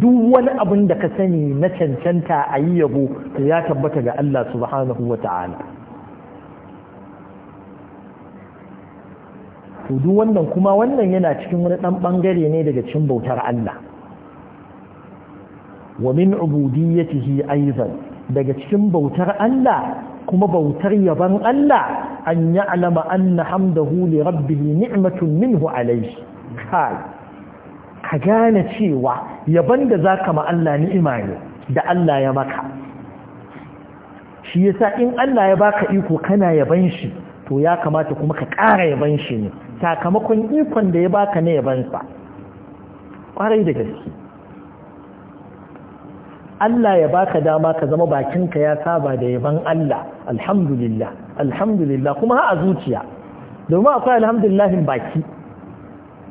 duk wani abin da ka sani na cancanta a yi yabo to ya tabbata ga Allah subhanahu wa ta'ala to duk wannan kuma wannan yana cikin wani ɗan ɓangare ne daga cikin bautar Allah wa min ubudiyyatihi aizan daga cikin bautar Allah kuma bautar yaban Allah an ya'lama anna hamdahu li rabbihi ni'matun minhu alayhi kai ka gane cewa yaban da zaka ma Allah ni'ima ne da Allah ya maka shi yasa in Allah ya baka iko kana yaban shi to ya kamata kuma ka ƙara yaban shi ne sakamakon ikon da ya baka ne yabansa kwarai da gaske Allah ya baka dama ka zama bakinka ya saba da yaban Allah alhamdulillah alhamdulillah kuma ha a zuciya domin akwai alhamdulillahin baki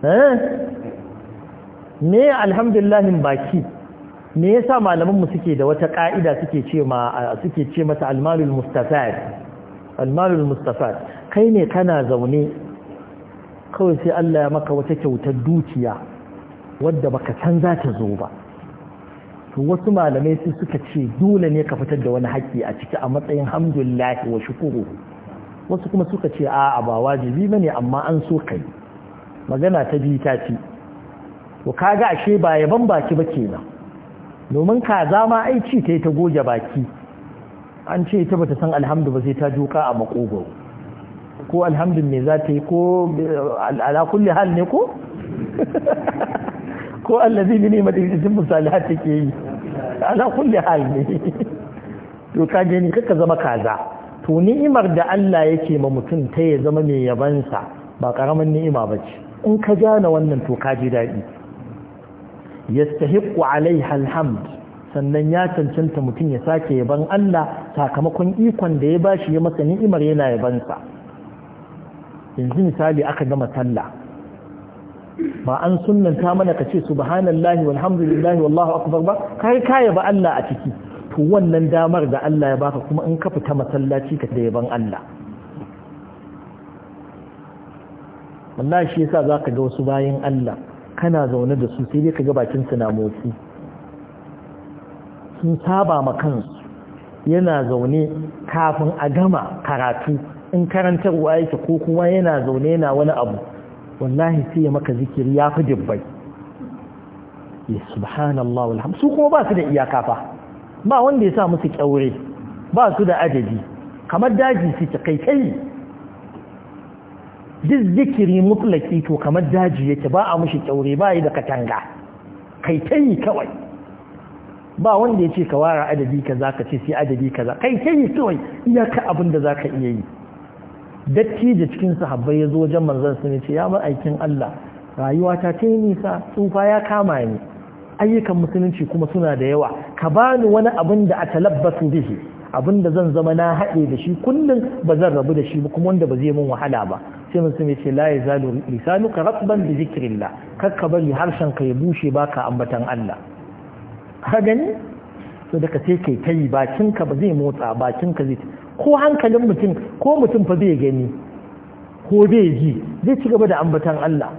eh? me alhamdulillahin baki me yasa malaman mu suke da wata ka'ida suke ce ma suke ce mata almalul mustafad almalul mustafad kai ne kana zaune kawai sai Allah ya maka wata kyautar dukiya wadda baka san za ta zo ba to wasu malamai su suka ce dole ne ka fitar da wani haƙƙi a ciki a matsayin hamdulillahi wa shukuru wasu kuma suka ce a ba wajibi ba ne amma an so kai magana ta biyu ta ce to kaga ashe ba ya ban baki ba kenan domin kaza ma aici ta yi ta goge baki an ce ta bata san alhamdu ba sai ta joka a makogaro ko alhamdu me za ta yi ko ala kulli hal ne ko (laughs) ko allazi bi ni'matin salihat take yi (laughs) ala kulli hali to ka ni kaka zama kaza to ni'imar da Allah yake ma mutum ta ya zama mai yabansa ba karaman ni'ima bace in ka gane wannan to ka ji dadi yastahiqu alaiha alhamd sannan ya cancanta mutum ya sake yaban Allah sakamakon ikon da ya bashi ya masa ni'imar yana yabansa yanzu misali aka gama sallah ba an sunnanta mana ka ce subhanallahi walhamdulillahi wallahu akbar ba kai kaya ba Allah a ciki to wannan damar da Allah ya baka kuma in ka fita masallaci ka da yaban Allah wallahi shi yasa zaka ga wasu bayan Allah kana zaune da su sai dai ka ga bakin su na motsi sun saba ma kansu yana zaune kafin a gama karatu in karantarwa yake ko kuma yana zaune yana wani abu wallahi sai ya maka zikiri ya fi dubbai ya subhanallah walham su kuma ba su da iyaka fa ba wanda ya sa musu kyaure ba su da adadi kamar daji su ta kai kai duk zikiri mutlaki to kamar daji yake ba a mushi kyaure ba yi da katanga kai kai kawai ba wanda ya ce ka ware adadi kaza ka ce sai adadi kaza kai kai kawai iyaka abin da za ka iya yi dattijo cikin sahabbai ya zo wajen manzon sun ce ya aikin Allah rayuwa ta ta nisa tsufa ya kama ni ayyukan musulunci kuma suna da yawa ka bani wani abin da a talabbasu bihi abin da zan zama na haɗe da shi kullum ba zan rabu da shi ba kuma wanda ba zai mun wahala ba sai mun ya ce la yazalu lisanuka rabban bi zikrillah kakka bari harshen ka ya bushe baka ambatan Allah ka gani to daga sai kai kai bakin ka ba zai motsa bakin ka zai ko hankalin mutum ko mutum fa bai gani ko bai ji zai ci gaba da ambatan Allah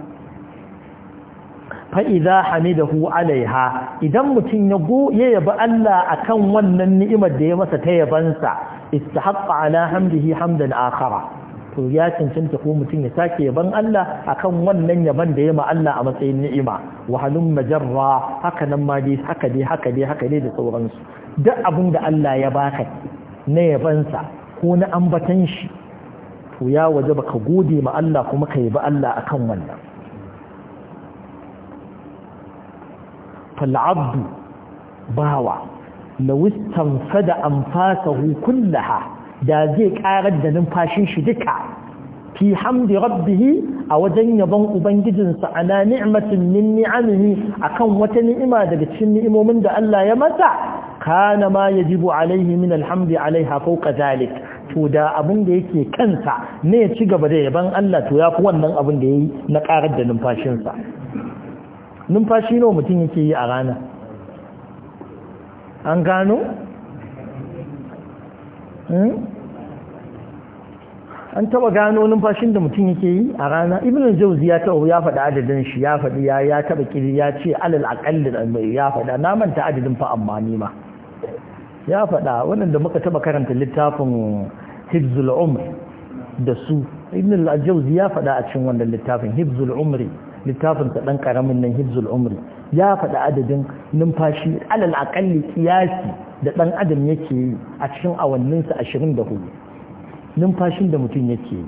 fa'iza hamidahu alaiha idan mutum ya ya yaba Allah a kan wannan ni'imar da ya masa ta yabansa istahaqqa ala hamdihi hamdan akhara to ya cancanta ko mutum ya sake yaban Allah akan kan wannan yaban da ya ma Allah a matsayin ni'ima wahalun majarra haka nan ma dai haka dai haka dai haka dai da sauransu duk abin da Allah ya baka na yabansa ko na ambatan shi to ya waje baka gode ma Allah kuma ka yabi Allah akan wannan fal'abdu bawa lawistan fada amfasahu kullaha da zai karar da numfashin shi duka fi hamdi rabbihi a wajen yabon ubangijinsa ana ni'matin min ni'amihi akan wata ni'ima daga cikin ni'imomin da Allah ya masa kana ma yajibu alaihi min alhamdi alaiha ko kazalik to da abun da yake kansa ne ya ci gaba da yaban Allah to ya fi wannan abun da yayi na karar da numfashinsa numfashi nawa mutum yake yi a rana an gano hmm? an taba gano numfashin da mutum yake yi a rana ibn jauzi ya taba ya faɗi adadin shi ya faɗi ya ya taba kiri ya ce alal mai ya faɗa na manta adadin fa amma ni ma ya faɗa waɗanda muka taɓa karanta littafin hibzul Umri da su ibn al ya faɗa a cikin wannan littafin hibzul umri littafin ta dan karamin nan hibzul umri ya faɗa adadin numfashi alal aqalli qiyasi da dan adam yake a cikin awannin sa 24 numfashin da mutum yake yi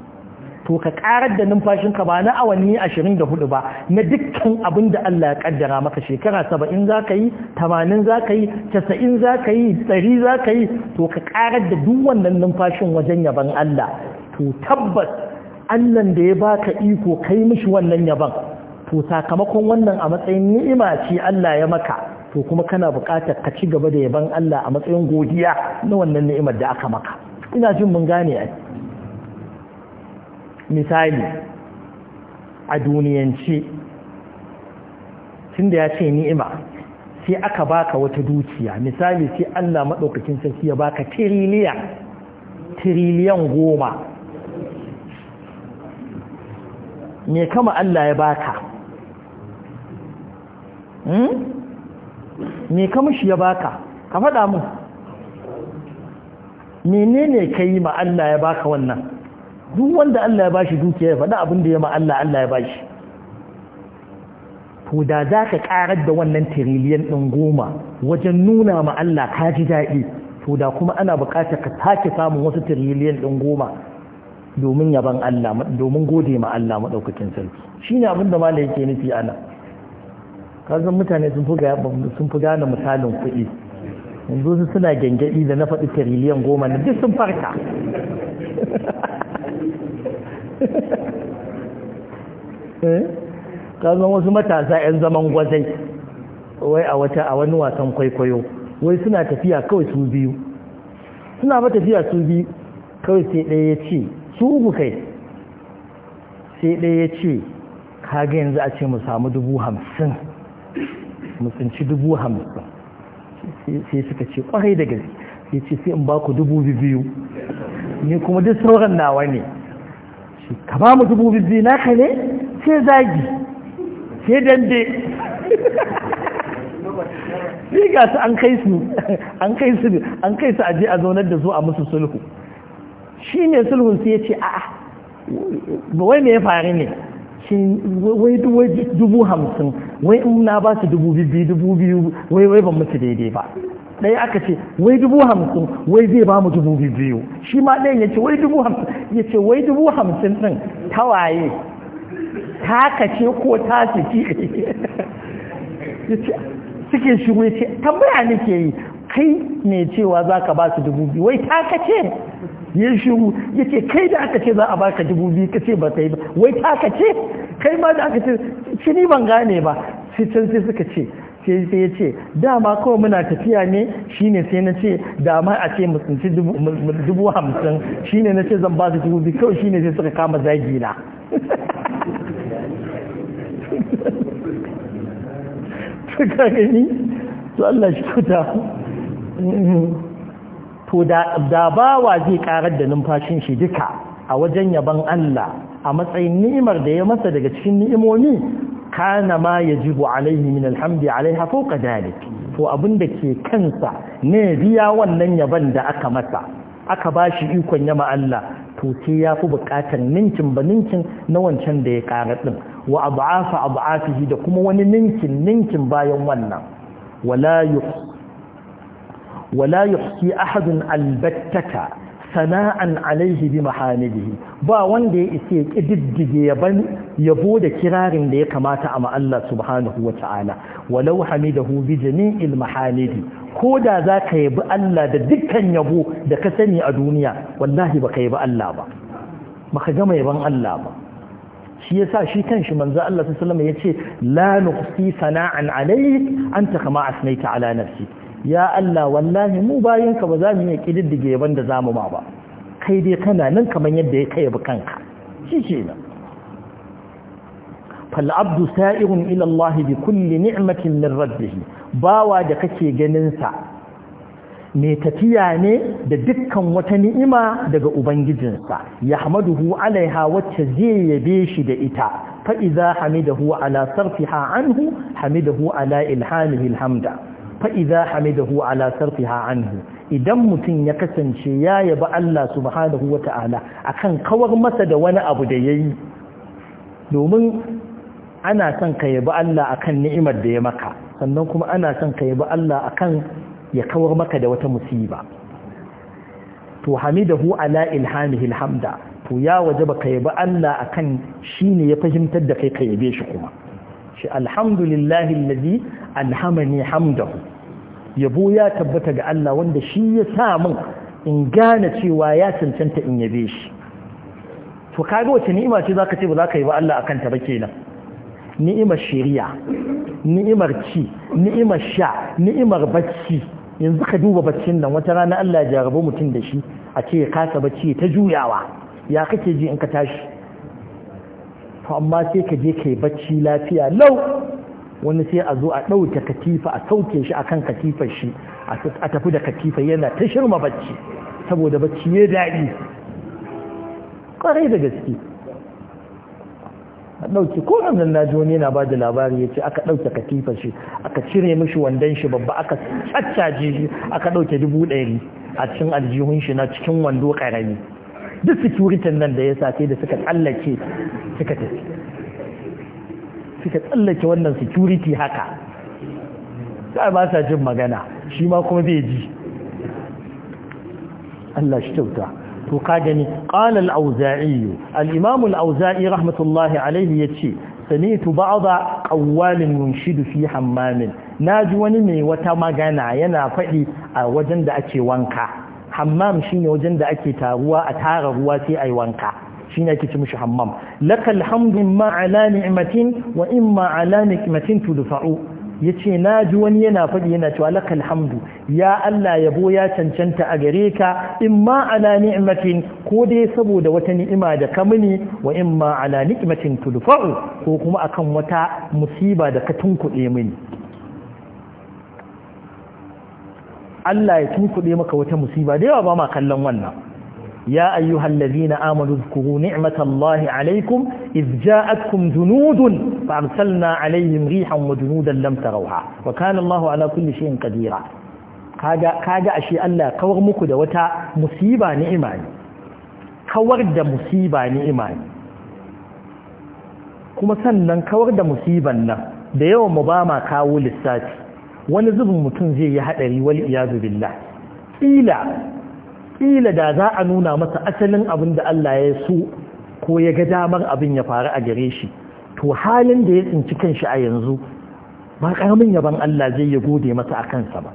to ka karar da numfashinka ba na awanni 24 ba na dukkan abin da Allah ya kaddara maka shekara 70 za ka yi 80 za ka yi 90 za ka yi 100 za ka yi to ka karar da duk wannan numfashin wajen yaban Allah to tabbas Allah da ya baka iko kai mishi wannan yaban to sakamakon wannan a matsayin ni'ima ce Allah ya maka to kuma kana buƙatar ka ci gaba da yaban Allah a matsayin godiya na wannan ni'imar da aka maka ina jin mun gane ai misali a duniyance tun da ya ce ni'ima sai aka baka wata dukiya misali sai Allah maɗaukakin sarki ya baka tiriliya tiriliyan goma me kama Allah ya baka hmm? me kama shi ya baka ka faɗa mu menene ka yi ma Allah ya baka wannan duk wanda Allah ya bashi dukiya ya faɗi abin da ya ma Allah Allah ya bashi to da za ka ƙarar da wannan tiriliyan ɗin goma wajen nuna ma Allah ka ji daɗi to da kuma ana buƙatar ka take samun wasu tiriliyan ɗin goma domin yaban Allah domin gode ma Allah maɗaukakin sarki shi ne abin da ma yake nufi ana kazan mutane sun fi gane misalin kuɗi yanzu suna gyangyaɗi da na faɗi tiriliyan goma na duk sun farka (laughs) Eh? kazan wasu matasa 'yan zaman gwazai wai a wata a wani wasan kwaikwayo wai suna tafiya kawai su biyu suna ba tafiya su biyu kawai sai ɗaya ya ce su uku kai sai ɗaya ya ce kaga yanzu a ce mu samu dubu hamsin mu tsinci dubu hamsin sai suka ce kwarai da gaske sai ce sai in ba ku dubu biyu ne kuma duk sauran nawa ne ka ba mu dubu na ka ne sai zagi sai dande Ni ga su an kai su an kai su an kai su aje a zaunar da zo a musu sulhu shi ne sulhun sai ya ce a'a ba wai mai ya faru ne shi wai dubu hamsin wai in na ba su dubu biyu dubu biyu wai wai ban musu daidai ba ɗaya aka ce wai dubu hamsin wai zai ba mu dubu biyu shi ma ɗayan ya ce wai dubu hamsin ya ce wai dubu hamsin ɗin tawaye ka ce ko ta ciki ya ce suke shigo ya ce tambaya nake yi kai ne cewa za ka ba su dubu biyu wai ka ce ya shiru ya ce kai da aka ce za a baka dubu biyu ka ce ba ta yi ba wai ka ce kai ma da aka ce shi ni ban gane ba sai can sai suka ce sai sai ya ce dama kawai muna tafiya ne shine sai na ce dama a ce mu dubu hamsin shine na ce zan ba su dubu biyu kawai shine sai suka kama zagi na suka (laughs) gani to Allah shi kuta to da bawa zai karar da numfashin shi duka a wajen yaban Allah a matsayin ni'imar da ya masa daga cikin ni'imomi kana ma yajibu alaihi min alhamdi alaiha ko dalik to abinda ke kansa ne biya wannan yaban da aka masa aka bashi ikon yama Allah to sai ya fi bukatar ninkin ba ninkin na wancan da ya ƙara ɗin wa abu'afa abu'afihi da kuma wani ninkin ninkin bayan wannan wala yuhsi ahadun albattata. sana'an alaihi bi mahamidihi ba wanda ya isa ya kididdige yaban yabo da kirarin da ya kamata a Allah subhanahu wa ta'ala walau hamidahu bi jami'il mahamidi ko da za ka yabi Allah da dukkan yabo da ka sani a duniya wallahi ba ka yabi Allah ba ba ka gama yaban Allah ba shi yasa shi kanshi manzo Allah sallallahu alaihi wasallam yace la nuqsi sana'an alayk anta kama asnaita ala nafsika ya Allah wallahi mu bayanka ba za mu yi kididdige yaban da zamu ma ba kai dai kana nan kamar yadda ya kai kanka shi ke nan fal abdu sa'irun ila Allah bi kulli ni'matin min rabbih bawa da kake ganin sa me tafiya ne da dukkan wata ni'ima daga ubangijinsa yahmaduhu alaiha wacce zai yabe shi da ita fa idza hamidahu ala sarfiha anhu hamidahu ala ilhamihi alhamda fa'iza hamidahu ala sarfiha anhu idan mutum ya kasance ya yaba Allah subhanahu wa ta'ala akan kawar masa da wani abu da ya yi domin ana son ka yaba Allah akan ni'imar da ya maka sannan kuma ana son ka yaba Allah kan ya kawar maka da wata musiba to hamidahu ala ilhamihi alhamda to ya wajaba ka yaba Allah akan ne ya fahimtar da kai ka yabe shi kuma shi alhamdulillahi allazi alhamani hamdahu yabo ya tabbata ga Allah wanda shi ya sa min in gane cewa ya cancanta in yabe shi to kaga wace ni'ima ce zaka ce ba zaka yi ba Allah akan ta ba kenan ni'imar shari'a ni'imar ci ni'imar sha ni'imar bacci yanzu ka duba baccin nan wata rana Allah ya jarabo mutum da shi a ce ya kasa bacci ta juyawa ya kake ji in ka tashi to amma sai ka je kai bacci lafiya lau wani sai a zo a ɗauke katifa a sauke shi akan katifar shi a tafi da katifa yana ta shirma bacci saboda bacci ya daɗi ƙwarai da gaske a ɗauke ko nan na ji wani yana ba da labari ya ce aka ɗauke katifar shi aka cire mishi wandon shi babba aka caccaje shi aka ɗauke dubu ɗari a cikin aljihun shi na cikin wando ƙarami duk sikuritin nan da ya sa sai da suka tsallake suka tafi suka tsallake wannan security haka sai ba sa jin magana shi ma kuma zai ji Allah shi kyauta to ka gani qala al-auza'i al-imam al-auza'i rahmatullahi alayhi yace sanitu ba'da qawwalin munshid fi hammamin ji wani mai wata magana yana faɗi a wajen da ake wanka hammam shine wajen da ake taruwa a tara ruwa sai ai wanka shine ake ce mishi hammam lakal hamdu ma ala ni'matin wa imma ala ni'matin tudfa'u yace naji wani yana faɗi yana cewa lakal hamdu ya Allah yabo ya cancanta a gare ka imma ala ni'matin ko dai saboda wata ni'ima da ka mini wa imma ala ni'matin tudfa'u ko kuma akan wata musiba da ka tunkuɗe mini Allah ya tunkuɗe maka wata musiba da yawa ba ma kallon wannan يا أيها الذين آمنوا اذكروا نعمة الله عليكم إذ جاءتكم جنود فأرسلنا عليهم ريحا وجنودا لم تروها وكان الله على كل شيء قديرا kaga ashe Allah kawar muku da wata musiba ni'ima ne kawar da musiba ni'ima ne kuma sannan kawar da musiban nan da yawan mu ba ma kawo lissafi wani zubin mutum zai yi hadari wal iyazu billah kila kila da za a nuna masa asalin abin da Allah ya so ko ya ga damar abin ya faru a gare shi to halin da ya tsinci kan shi a yanzu ba ƙaramin yaban Allah zai ya gode masa a kansa ba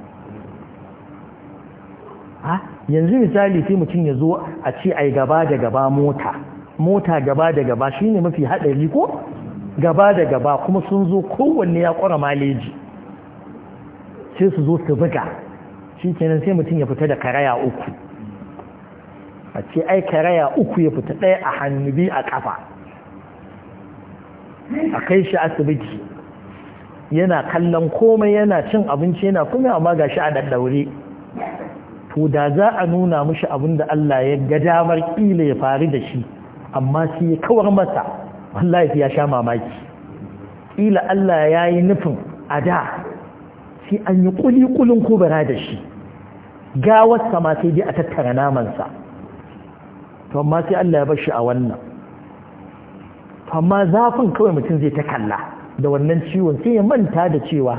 yanzu misali sai mutum ya zo a ce ai gaba da gaba mota mota gaba da gaba shine mafi haɗari ko gaba da gaba kuma sun zo kowanne ya kora maleji sai su zo su buga shi kenan sai mutum ya fita da karaya uku a ce ai karaya uku ya fita ɗaya a hannu biyu a ƙafa a kai shi asibiti yana kallon komai yana cin abinci yana kuma amma ga shi a daddaure to da za a nuna mushi abin da Allah ya ga damar ƙila ya faru da shi amma sai ya kawar masa wallahi ya sha mamaki ƙila Allah ya yi nufin a da sai an yi kulikulin kubara da shi gawarsa ma sai dai a tattara namansa to amma sai Allah ya bar shi a wannan to amma zafin kawai mutum zai ta kalla da wannan ciwon sai ya manta da cewa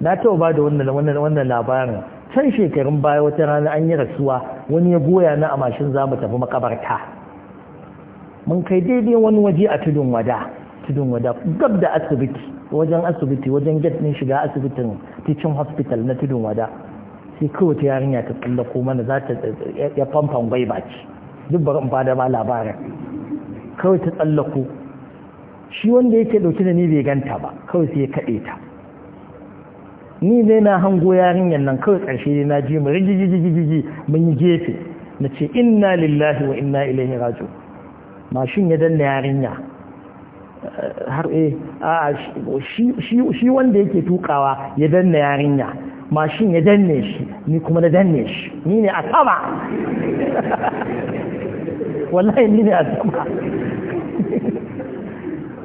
na taɓa ba da wannan wannan labarin can shekarun baya wata rana an yi rasuwa wani ya goya na a mashin za mu tafi makabarta mun kai daidai wani waje a tudun wada tudun wada gab da asibiti wajen asibiti wajen get ne shiga asibitin teaching hospital na tudun wada sai kawai ta yarinya ta tsallako mana za ta ya famfan gwai baki duk ba ba bada ma labarin kawai ta tsallako shi wanda yake dauke da ni bai ganta ba kawai sai ya kaɗe ta ni ne na hango yarinyar nan kawai ƙarshe ne na ji mu rigigigigigi mun yi gefe na ce inna lillahi wa inna ilaihi raju mashin ya danna yarinya har eh a shi wanda yake tukawa ya danna yarinya mashin ya danne shi ni kuma na danne shi ni ne a sama (laughs) wallahi ni ne a sama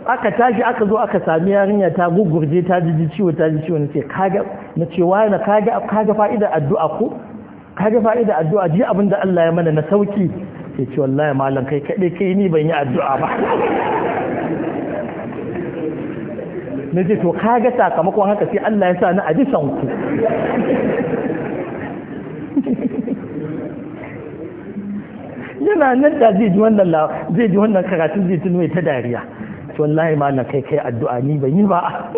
(laughs) aka tashi aka zo aka sami yarinya ta gugurje ta ji ciwo ta ji ciwo nace kaga na ce wai na kaga kaga fa'idar addu'a ko kaga fa'idar addu'a ji abin da Allah ya mana na sauki sai ce wallahi malam kai kadai kai ni ban yi addu'a ba (laughs) na je to kaga sakamakon haka sai Allah ya sa ni a bisan ku yana nan da zai ji wannan zai ji wannan karatun zai tuno ta dariya to wallahi na kai kai addu'a ni ban yi ba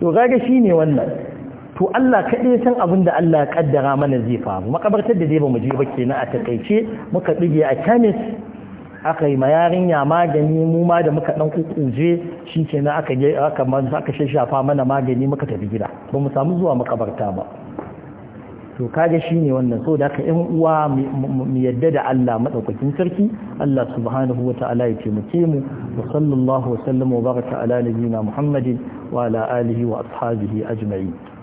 to kaga shine wannan to Allah kaɗai san abin da Allah ya kaddara mana zai faru makabartar da zai ba mu je ba kenan a takaice muka dige a chemist aka yi ma yarinya magani mu ma da muka ɗan je shi ke na aka je aka manzu aka shafa mana magani muka tafi gida ba mu samu zuwa makabarta ba to kaga ne wannan so da aka yan uwa mu yadda da Allah maɗaukakin sarki Allah subhanahu wa ta'ala ya taimake mu wa sallallahu wa sallam wa baraka ala nabiyina Muhammadin wa ala alihi wa ashabihi ajma'in